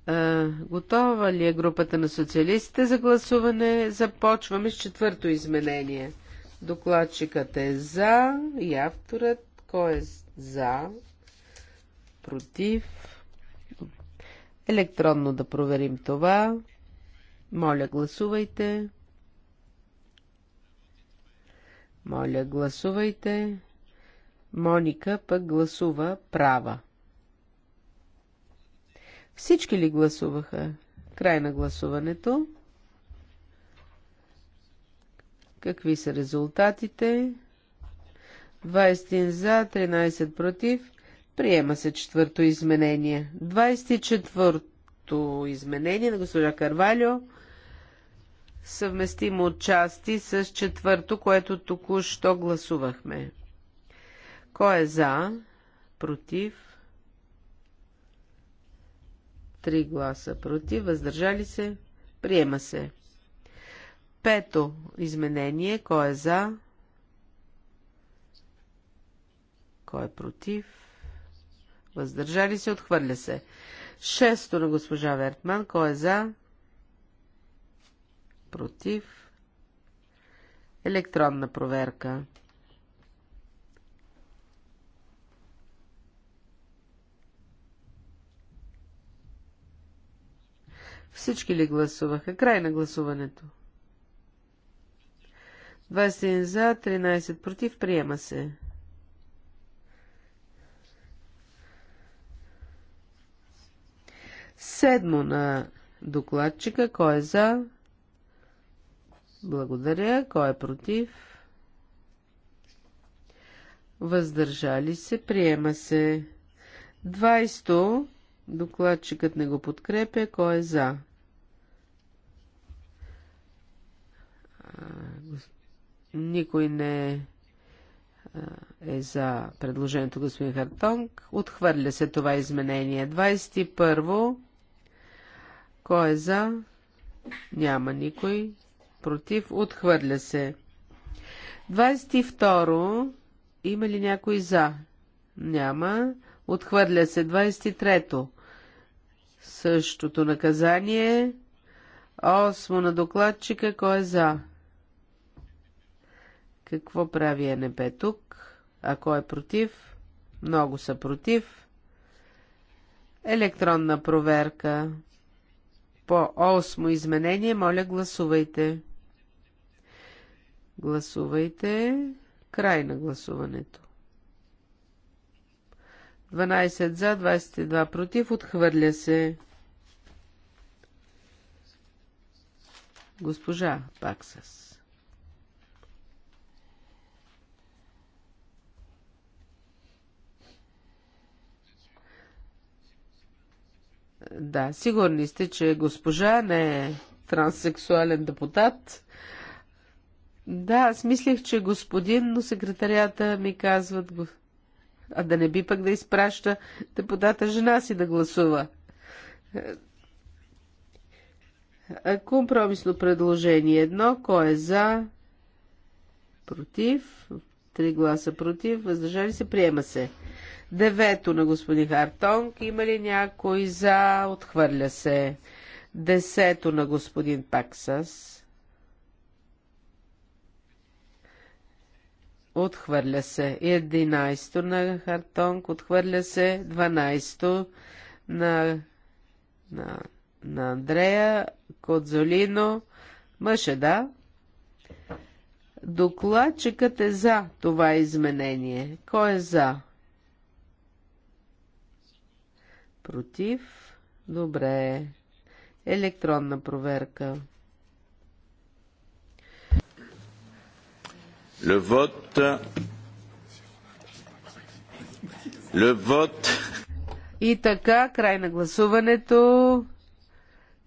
А, готова ли е групата на социалистите за гласуване? Започваме с четвърто изменение. Докладчикът е за и авторът. Кой е за? Против? Електронно да проверим това. Моля, гласувайте. Моля, гласувайте. Моника пък гласува права. Всички ли гласуваха? Край на гласуването. Какви са резултатите? 21 за, 13 против. Приема се четвърто изменение. 24-то изменение на госпожа Карвалио. Съвместимо от части с четвърто, което току-що гласувахме. Кой е за? Против? Три гласа против. Въздържали се? Приема се. Пето изменение. Кой е за? Кой е против? въздържали се, отхвърля се. Шесто на госпожа Вертман, кой е за? Против. Електронна проверка. Всички ли гласуваха? Край на гласуването. 21 за, 13 против, приема се. Седмо на докладчика. Кой е за? Благодаря. Кой е против? Въздържали се. Приема се. 20. Докладчикът не го подкрепя. Кой е за? Никой не е за предложението господин Хартонг. Отхвърля се това изменение. 21. Кой е за? Няма никой. Против? Отхвърля се. 22. Има ли някой за? Няма. Отхвърля се. 23. Същото наказание. Осмо на докладчика. Кой е за? Какво прави НП тук? А кой е против? Много са против. Електронна проверка по осмо изменение. Моля, гласувайте. Гласувайте. Край на гласуването. 12 за, 22 против. Отхвърля се. Госпожа Паксас. Да, сигурни сте, че госпожа не е транссексуален депутат. Да, аз мислех, че господин, но секретарията ми казват го. А да не би пък да изпраща депутата жена си да гласува. Е, компромисно предложение едно. Кой е за? Против. Три гласа против. Въздържали се. Приема се. Девето на господин Хартонг. Има ли някой за? Отхвърля се. Десето на господин Паксас. Отхвърля се. Единайсто на Хартонг. Отхвърля се. Дванайсто на, на, на Андрея Кодзолино. Мъже, да? Докладчикът е за това изменение. Кой е за? Против. Добре. Електронна проверка. Le vote. Le vote. И така, край на гласуването.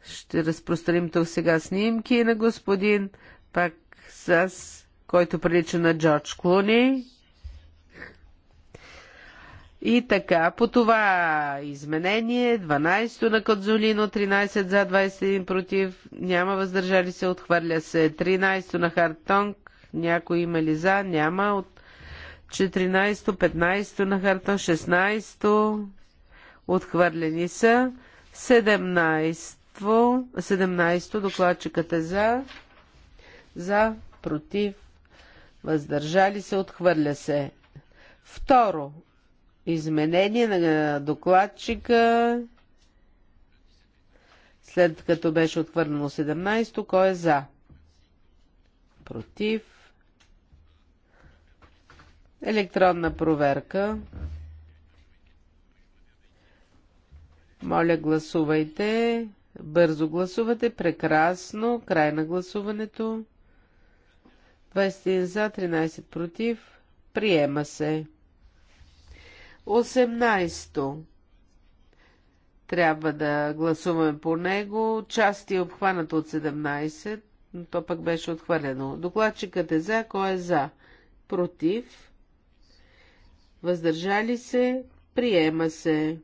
Ще разпространим тук сега снимки на господин пак с който прилича на Джордж Клуни. И така, по това изменение, 12 на Кодзолино, 13 за, 21 против, няма въздържали се, отхвърля се. 13 на Хартонг, някой има ли за, няма. От 14, 15 на Хартонг, 16 отхвърлени са. 17, 17 докладчикът е за, за, против, въздържали се, отхвърля се. Второ, изменение на докладчика, след като беше отхвърлено 17-то, кой е за? Против. Електронна проверка. Моля, гласувайте. Бързо гласувате. Прекрасно. Край на гласуването. 21 за, 13 против. Приема се. 18 трябва да гласуваме по него. Част е обхваната от 17, но то пък беше отхвърлено. Докладчикът е за, кой е за? Против? Въздържали се? Приема се.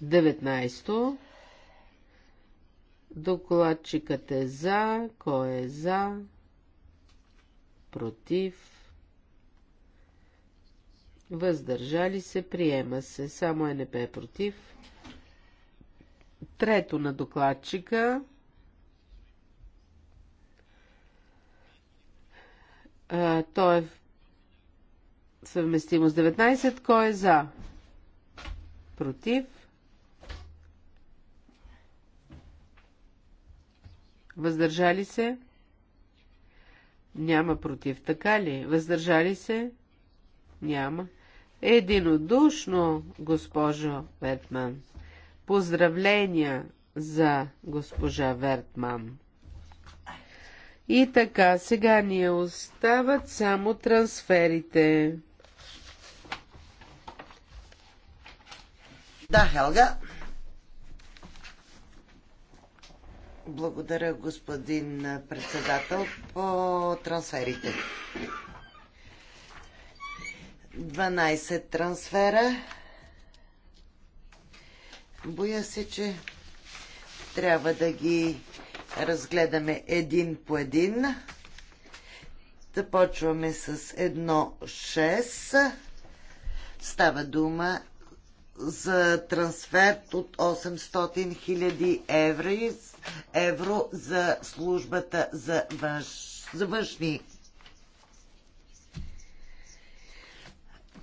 Деветнайсто. Докладчикът е за, кой е за, против, въздържали се, приема се, само е не против. Трето на докладчика. А, то е съвместимо с 19. Кой е за? Против? Въздържали се? Няма против, така ли? Въздържали се? Няма. Единодушно, госпожо Вертман. Поздравления за госпожа Вертман. И така, сега ни остават само трансферите. Да, Хелга. Благодаря, господин председател, по трансферите. 12 трансфера. Боя се, че трябва да ги разгледаме един по един. Започваме с 6. Става дума за трансфер от 800 хиляди евро, евро за службата за, външ, за външни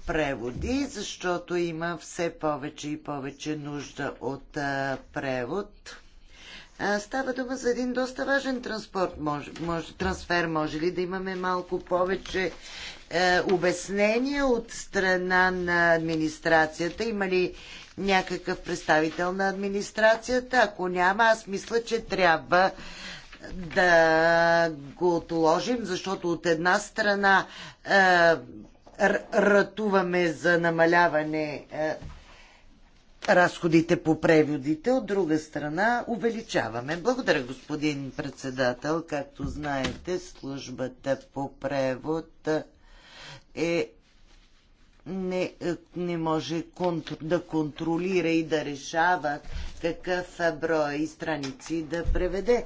преводи, защото има все повече и повече нужда от а, превод. А, става дума за един доста важен транспорт, може, може, трансфер. Може ли да имаме малко повече е, обяснение от страна на администрацията? Има ли някакъв представител на администрацията? Ако няма, аз мисля, че трябва да го отложим, защото от една страна е, ратуваме за намаляване е, разходите по преводите, от друга страна увеличаваме. Благодаря, господин председател. Както знаете, службата по превод е, е не, е, не може контр, да контролира и да решава какъв брой страници да преведе.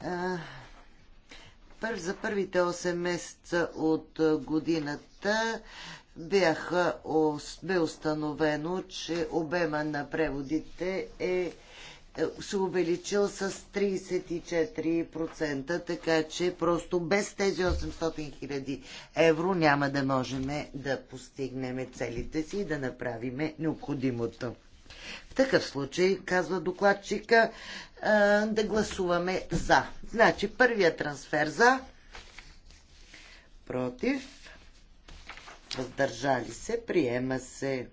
А, за първите 8 месеца от годината бяха, бе установено, че обема на преводите е е, се увеличил с 34%, така че просто без тези 800 хиляди евро няма да можем да постигнем целите си и да направим необходимото. В такъв случай, казва докладчика, е, да гласуваме за. Значи, първия трансфер за, против, въздържали се, приема се.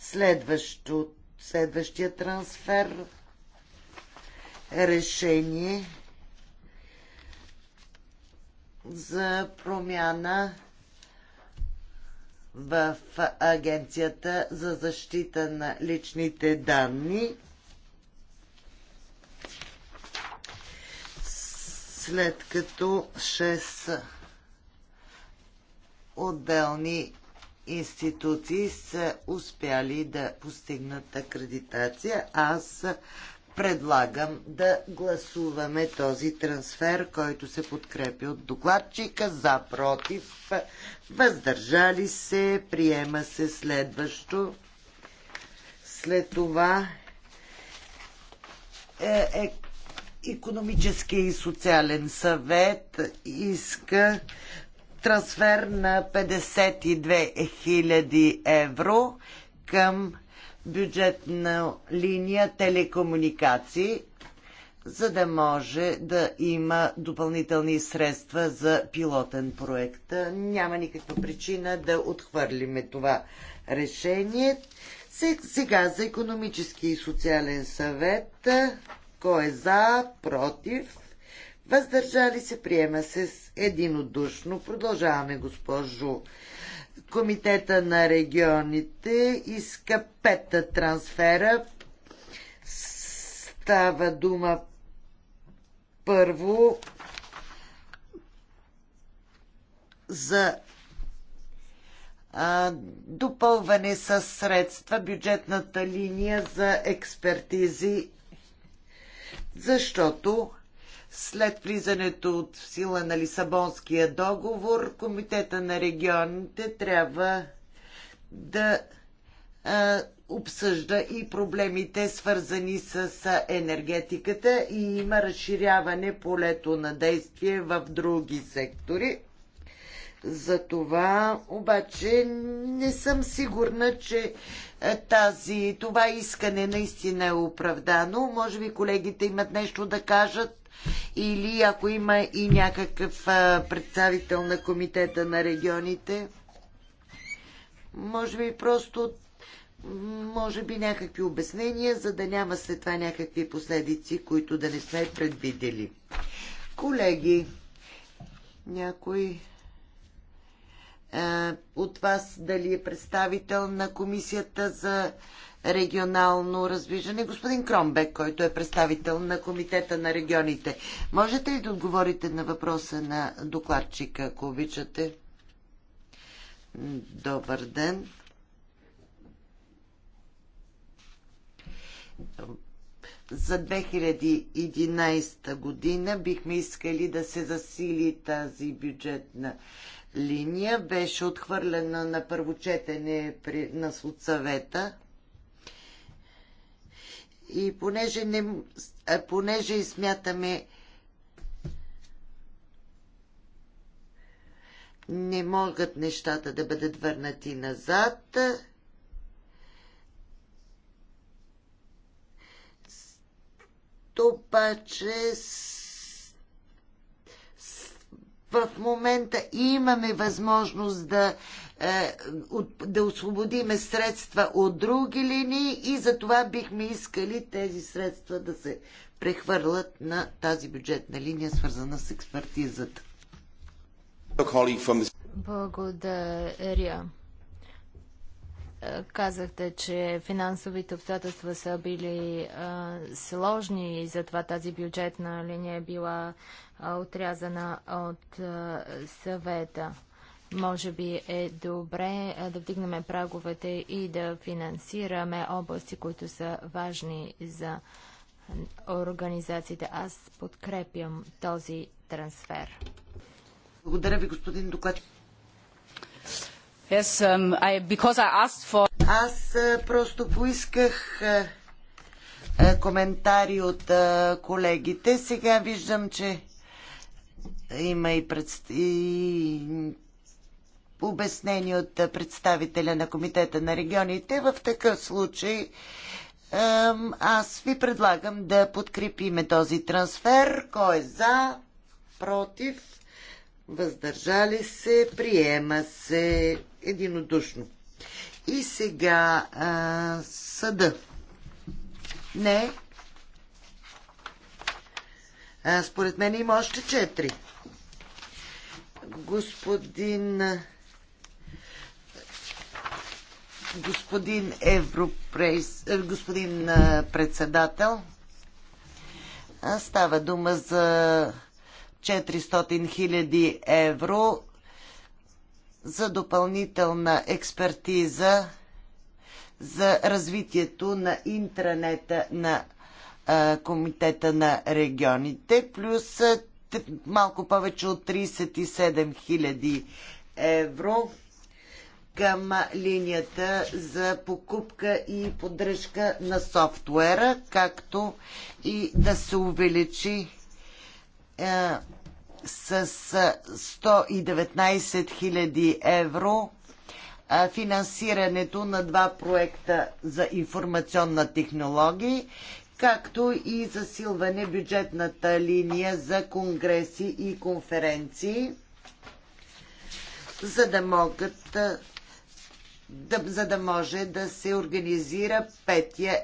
Следващо, следващия трансфер решение за промяна в Агенцията за защита на личните данни. След като 6 отделни институции са успяли да постигнат акредитация. Аз предлагам да гласуваме този трансфер, който се подкрепи от докладчика за против. Въздържали се, приема се следващо. След това е, е, економическия и социален съвет иска трансфер на 52 000 евро към бюджетна линия телекомуникации, за да може да има допълнителни средства за пилотен проект. Няма никаква причина да отхвърлиме това решение. Сега за економически и социален съвет. Кой е за, против? Въздържали се, приема се единодушно. Продължаваме, госпожо Комитета на регионите иска пета трансфера. Става дума първо за допълване с средства бюджетната линия за експертизи, защото след влизането от сила на Лисабонския договор, Комитета на регионите трябва да а, обсъжда и проблемите, свързани с енергетиката и има разширяване полето на действие в други сектори. За това обаче не съм сигурна, че тази, това искане наистина е оправдано. Може би колегите имат нещо да кажат или ако има и някакъв представител на комитета на регионите. Може би просто може би някакви обяснения, за да няма след това някакви последици, които да не сме предвидели. Колеги, някой от вас дали е представител на комисията за регионално развиждане. Господин Кромбек, който е представител на Комитета на регионите. Можете ли да отговорите на въпроса на докладчика, ако обичате? Добър ден. За 2011 година бихме искали да се засили тази бюджетна линия. Беше отхвърлена на първо четене на съвета. И понеже, не, понеже смятаме, не могат нещата да бъдат върнати назад, обаче в момента имаме възможност да е, да освободиме средства от други линии и за това бихме искали тези средства да се прехвърлят на тази бюджетна линия, свързана с експертизата. Благодаря. Е, казахте, че финансовите обстоятелства са били а, е, сложни и затова тази бюджетна линия е била а, отрязана от а, съвета. Може би е добре да вдигнем праговете и да финансираме области, които са важни за организациите. Аз подкрепям този трансфер. Благодаря ви, господин доклад. Yes, um, I, I for... Аз просто поисках коментари от колегите. Сега виждам, че има и, пред... и обяснени от представителя на Комитета на регионите. В такъв случай аз ви предлагам да подкрепиме този трансфер. Кой е за? Против? Въздържали се? Приема се единодушно. И сега а, съда. Не. А, според мен има още четири. Господин господин, Европрейс, е, господин е, председател. Става дума за 400 000 евро за допълнителна експертиза за развитието на интранета на Комитета на регионите, плюс е, малко повече от 37 000 евро към линията за покупка и поддръжка на софтуера, както и да се увеличи е, с 119 е, 000 евро е, финансирането на два проекта за информационна технология, както и засилване бюджетната линия за конгреси и конференции, за да могат е, да, за да може да се организира петия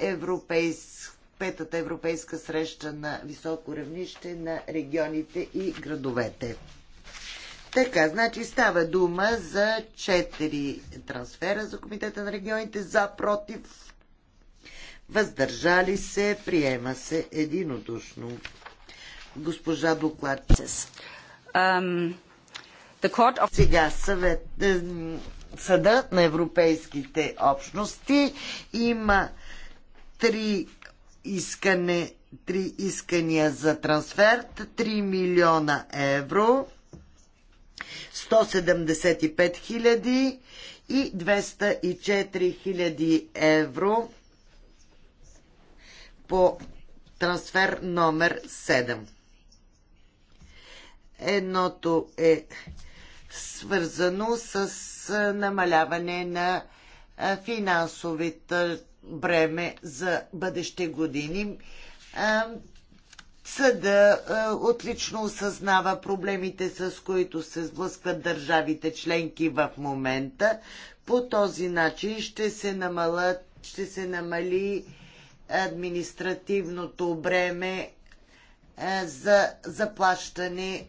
петата европейска среща на високо равнище на регионите и градовете. Така, значи става дума за четири трансфера за Комитета на регионите за, против, въздържали се, приема се единодушно. Госпожа докладчес. Um, of... Сега съвет, съда на европейските общности. Има три, искане, три искания за трансфер, 3 милиона евро, 175 хиляди и 204 хиляди евро по трансфер номер 7. Едното е свързано с намаляване на финансовите бреме за бъдещи години. Съда отлично осъзнава проблемите, с които се сблъскват държавите членки в момента. По този начин ще се, намалят, ще се намали административното бреме за заплащане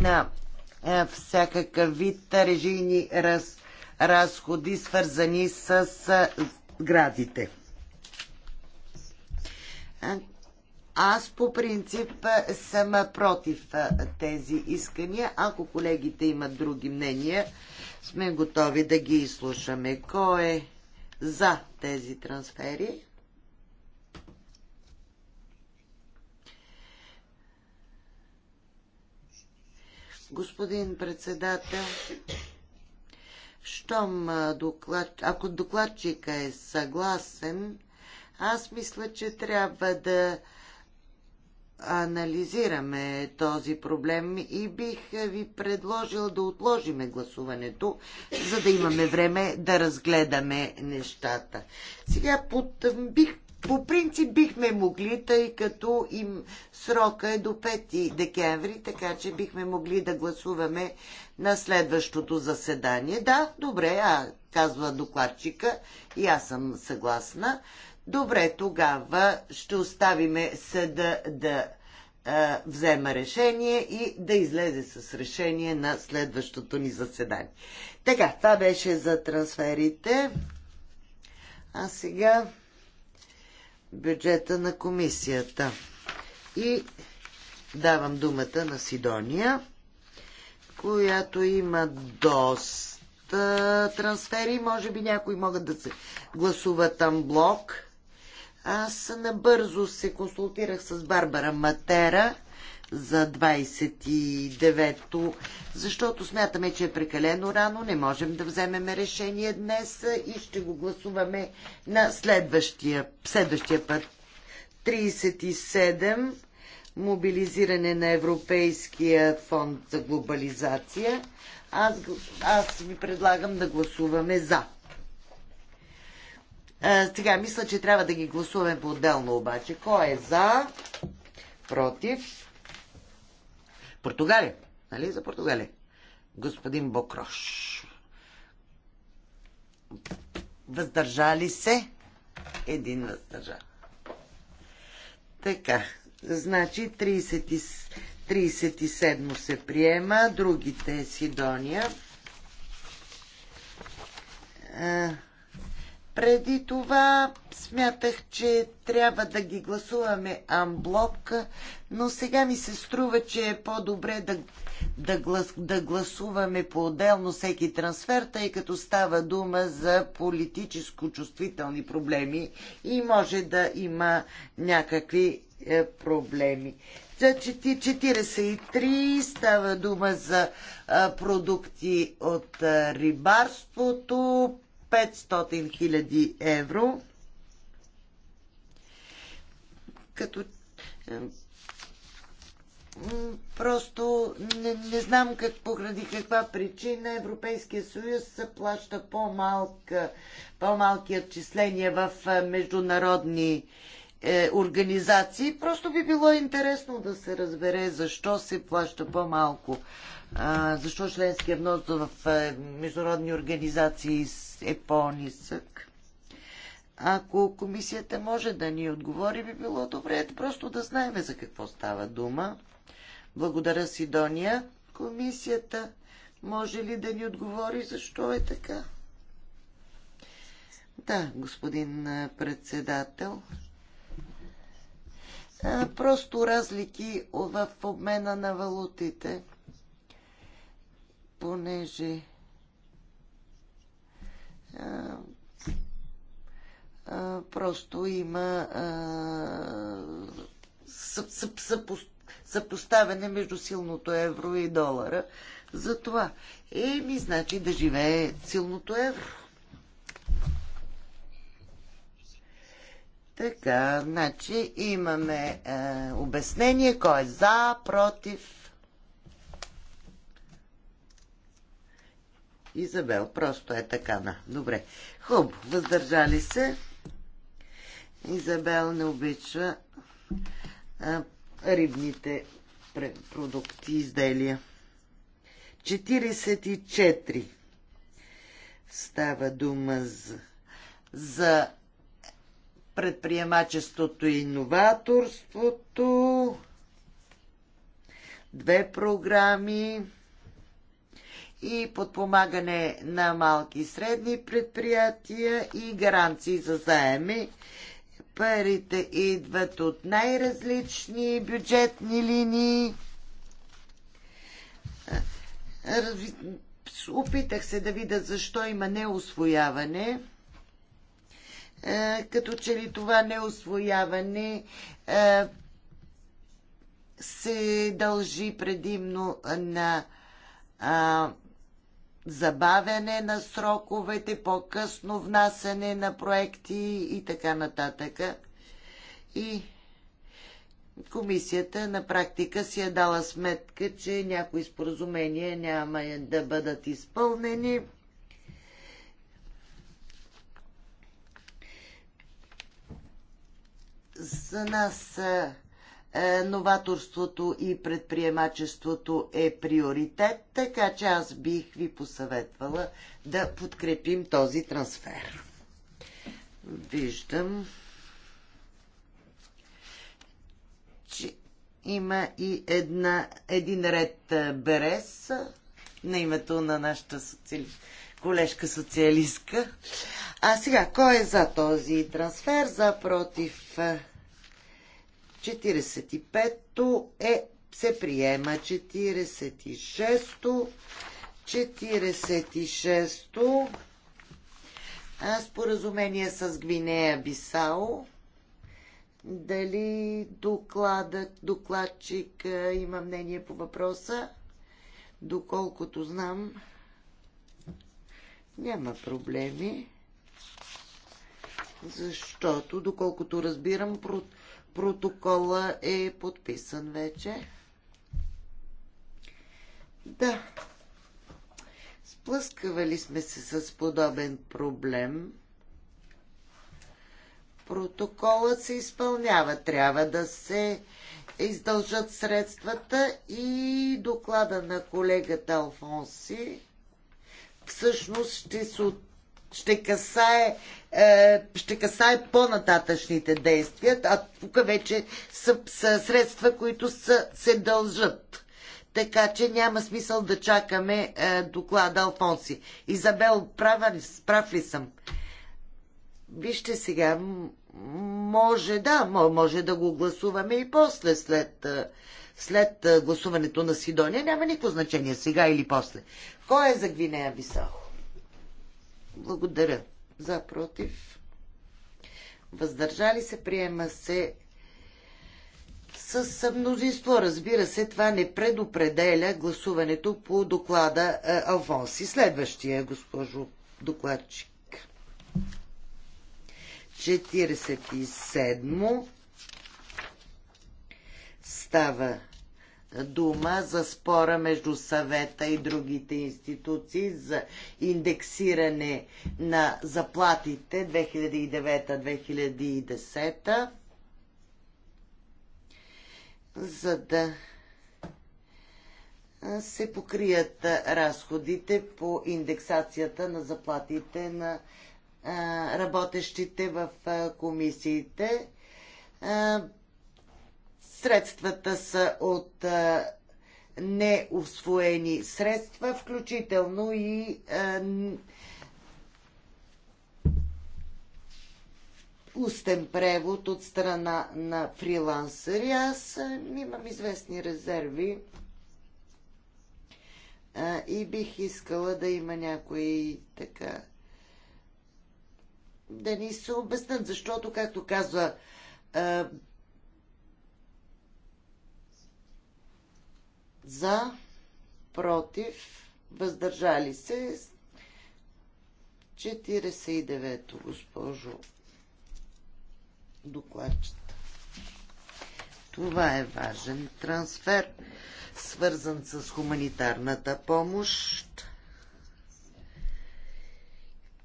на е, всякакъв вид режийни раз, разходи, свързани с е, градите. Е, аз по принцип съм против тези искания. Ако колегите имат други мнения, сме готови да ги изслушаме. Кой е за тези трансфери? господин председател. Щом доклад... ако докладчика е съгласен, аз мисля, че трябва да анализираме този проблем и бих ви предложил да отложиме гласуването, за да имаме време да разгледаме нещата. Сега под, бих по принцип бихме могли, тъй като им срока е до 5 декември, така че бихме могли да гласуваме на следващото заседание. Да, добре, а, казва докладчика и аз съм съгласна. Добре, тогава ще оставиме съда да а, взема решение и да излезе с решение на следващото ни заседание. Така, това беше за трансферите. А сега бюджета на комисията. И давам думата на Сидония, която има доста трансфери. Може би някои могат да се гласуват там блок. Аз набързо се консултирах с Барбара Матера за 29-то, защото смятаме, че е прекалено рано, не можем да вземем решение днес и ще го гласуваме на следващия, следващия път. 37 мобилизиране на Европейския фонд за глобализация. Аз, аз ви предлагам да гласуваме за. Е, сега мисля, че трябва да ги гласуваме по-отделно обаче. Кой е за? Против? Португалия. Нали за Португалия? Господин Бокрош. Въздържали се? Един въздържа. Така. Значи 37 се приема, другите Сидония. А, е, преди това смятах, че трябва да ги гласуваме амблок, но сега ми се струва, че е по-добре да, да, глас, да гласуваме по-отделно всеки трансфер, тъй като става дума за политическо чувствителни проблеми и може да има някакви е, проблеми. За 43 става дума за продукти от рибарството, 500 000 евро. Като е, просто не, не знам как поради каква причина Европейския съюз плаща по-малка, по-малки отчисления в е, международни е, организации. Просто би било интересно да се разбере защо се плаща по-малко защо членския внос в е, международни организации е по-нисък. Ако комисията може да ни отговори, би било добре просто да знаем за какво става дума. Благодаря, Сидония. Комисията може ли да ни отговори защо е така? Да, господин председател. Просто разлики в обмена на валутите понеже а, а, просто има съпоставяне между силното евро и долара. Затова. ми значи да живее силното евро. Така, значи имаме е, обяснение кой е за, против, Изабел. Просто е така, на. Добре. Хуб, въздържали се. Изабел не обича а, рибните продукти изделия. 44 става дума за, за предприемачеството и иноваторството. Две програми и подпомагане на малки и средни предприятия и гаранции за заеми. Парите идват от най-различни бюджетни линии. Опитах се да видя защо има неосвояване е, като че ли това неосвояване е, се дължи предимно на забавяне на сроковете, по-късно внасяне на проекти и така нататък. И комисията на практика си е дала сметка, че някои споразумения няма да бъдат изпълнени. За нас е, новаторството и предприемачеството е приоритет, така че аз бих ви посъветвала да подкрепим този трансфер. Виждам, че има и една, един ред е, Берес на името на нашата социали... колежка социалистка. А сега, кой е за този трансфер, за против е, 45-то е, се приема 46-то. 46-то споразумение с Гвинея Бисао. Дали докладът, докладчик има мнение по въпроса? Доколкото знам, няма проблеми, защото, доколкото разбирам, против Протокола е подписан вече. Да. Сплъскавали сме се с подобен проблем. Протоколът се изпълнява. Трябва да се издължат средствата и доклада на колегата Алфонси всъщност ще се ще касае е, ще касае по-нататъчните действия, а тук вече са, са средства, които са, се дължат. Така че няма смисъл да чакаме е, доклада Алфонси. Изабел, права ли, прав ли съм? Вижте сега, може да, може да го гласуваме и после, след, е, след е, гласуването на Сидония. Няма никакво значение сега или после. Кой е за Гвинея Бисахо? Благодаря. За, против. Въздържали се, приема се с мнозинство. Разбира се, това не предопределя гласуването по доклада е, И Следващия, госпожо докладчик. 47 става дума за спора между съвета и другите институции за индексиране на заплатите 2009-2010, за да се покрият разходите по индексацията на заплатите на работещите в комисиите Средствата са от неусвоени средства, включително и устен превод от страна на фрилансъри. Аз имам известни резерви и бих искала да има някои така да ни се обяснат, защото, както казва за, против, въздържали се. 49-то, госпожо докладчета. Това е важен трансфер, свързан с хуманитарната помощ.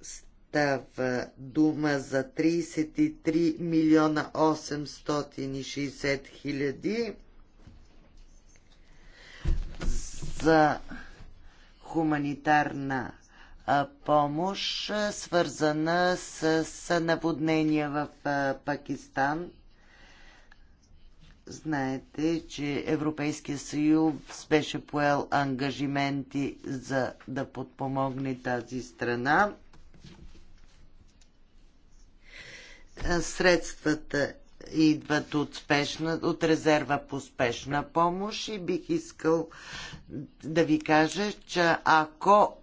Става дума за 33 милиона 860 хиляди. 000 за хуманитарна помощ, свързана с наводнения в Пакистан. Знаете, че Европейския съюз беше поел ангажименти за да подпомогне тази страна. Средствата идват от, спешна, от резерва по спешна помощ и бих искал да ви кажа, че ако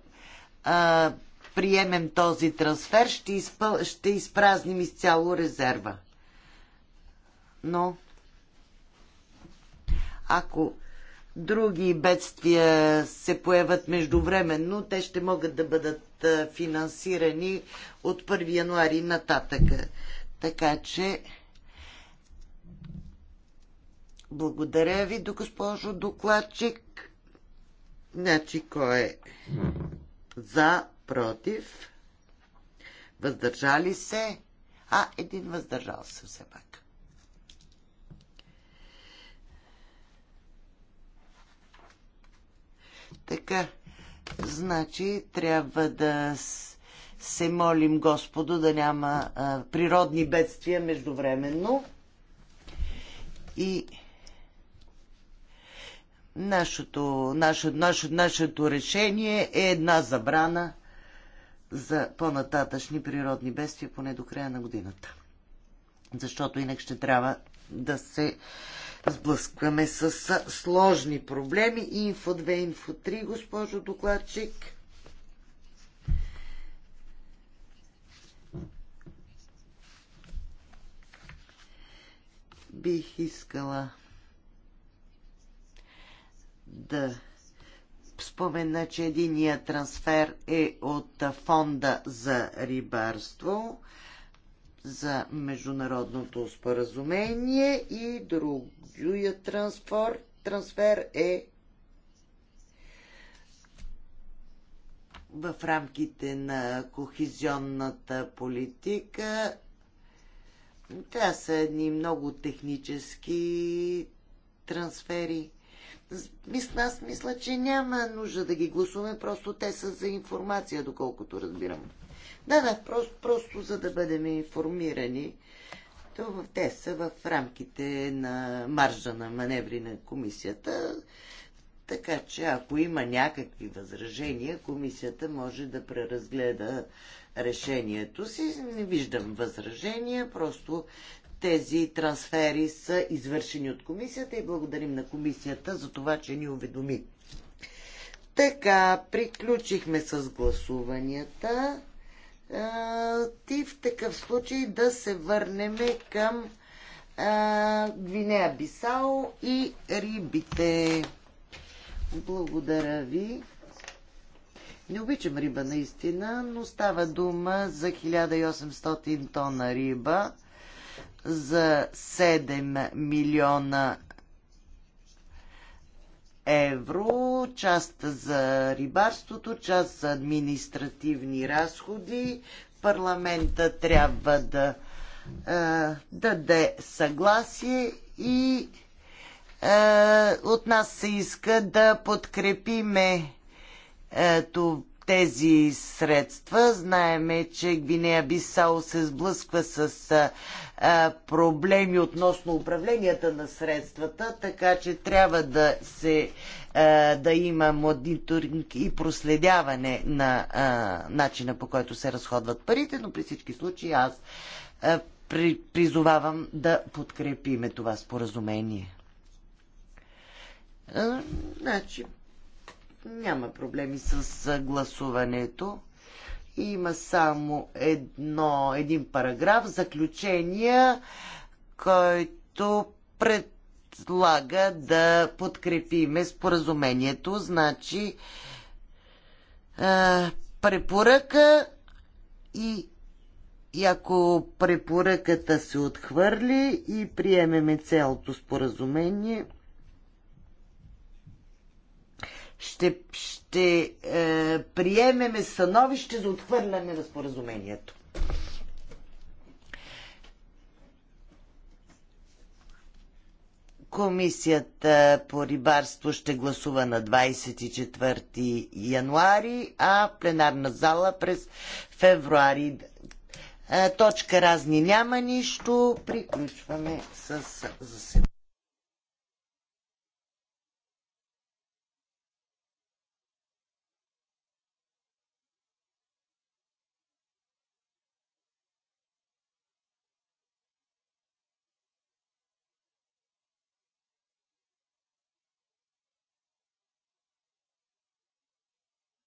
а, приемем този трансфер, ще, изпъл... ще изпразним изцяло резерва. Но ако други бедствия се появят междувременно, те ще могат да бъдат финансирани от 1 януари нататък. Така че благодаря ви, до госпожо докладчик. Значи, кой е за, против, въздържали се, а един въздържал се все пак. Така, значи трябва да се молим Господу да няма а, природни бедствия междувременно. И Нашето, наше, наше, нашето решение е една забрана за по-нататъчни природни бедствия, поне до края на годината. Защото инак ще трябва да се сблъскваме с сложни проблеми. Инфо 2, инфо 3, госпожо докладчик. Бих искала да спомена, че единият трансфер е от фонда за рибарство за международното споразумение и другия трансфер, трансфер е в рамките на кохизионната политика. Това са едни много технически трансфери мисля, аз мисля, че няма нужда да ги гласуваме, просто те са за информация, доколкото разбирам. Да, да, просто, просто за да бъдем информирани. То те са в рамките на маржа на маневри на комисията, така че ако има някакви възражения, комисията може да преразгледа решението си. Не виждам възражения, просто тези трансфери са извършени от комисията и благодарим на комисията за това, че ни уведоми. Така, приключихме с гласуванията. Ти в такъв случай да се върнем към Гвинея Бисао и рибите. Благодаря ви. Не обичам риба наистина, но става дума за 1800 тона риба за 7 милиона евро, част за рибарството, част за административни разходи. Парламента трябва да е, даде съгласие и е, от нас се иска да подкрепиме е, това тези средства. Знаеме, че Гвинея Бисао се сблъсква с а, проблеми относно управленията на средствата, така че трябва да, се, а, да има мониторинг и проследяване на а, начина по който се разходват парите, но при всички случаи аз а, при, призовавам да подкрепиме това споразумение. А, значи, няма проблеми с гласуването. Има само едно, един параграф, заключения, който предлага да подкрепиме споразумението. Значи, препоръка и и ако препоръката се отхвърли и приемеме цялото споразумение, ще, ще е, приемеме становище за отхвърляне на споразумението. Комисията по рибарство ще гласува на 24 януари, а пленарна зала през февруари. Е, точка разни няма нищо. Приключваме с заседанието.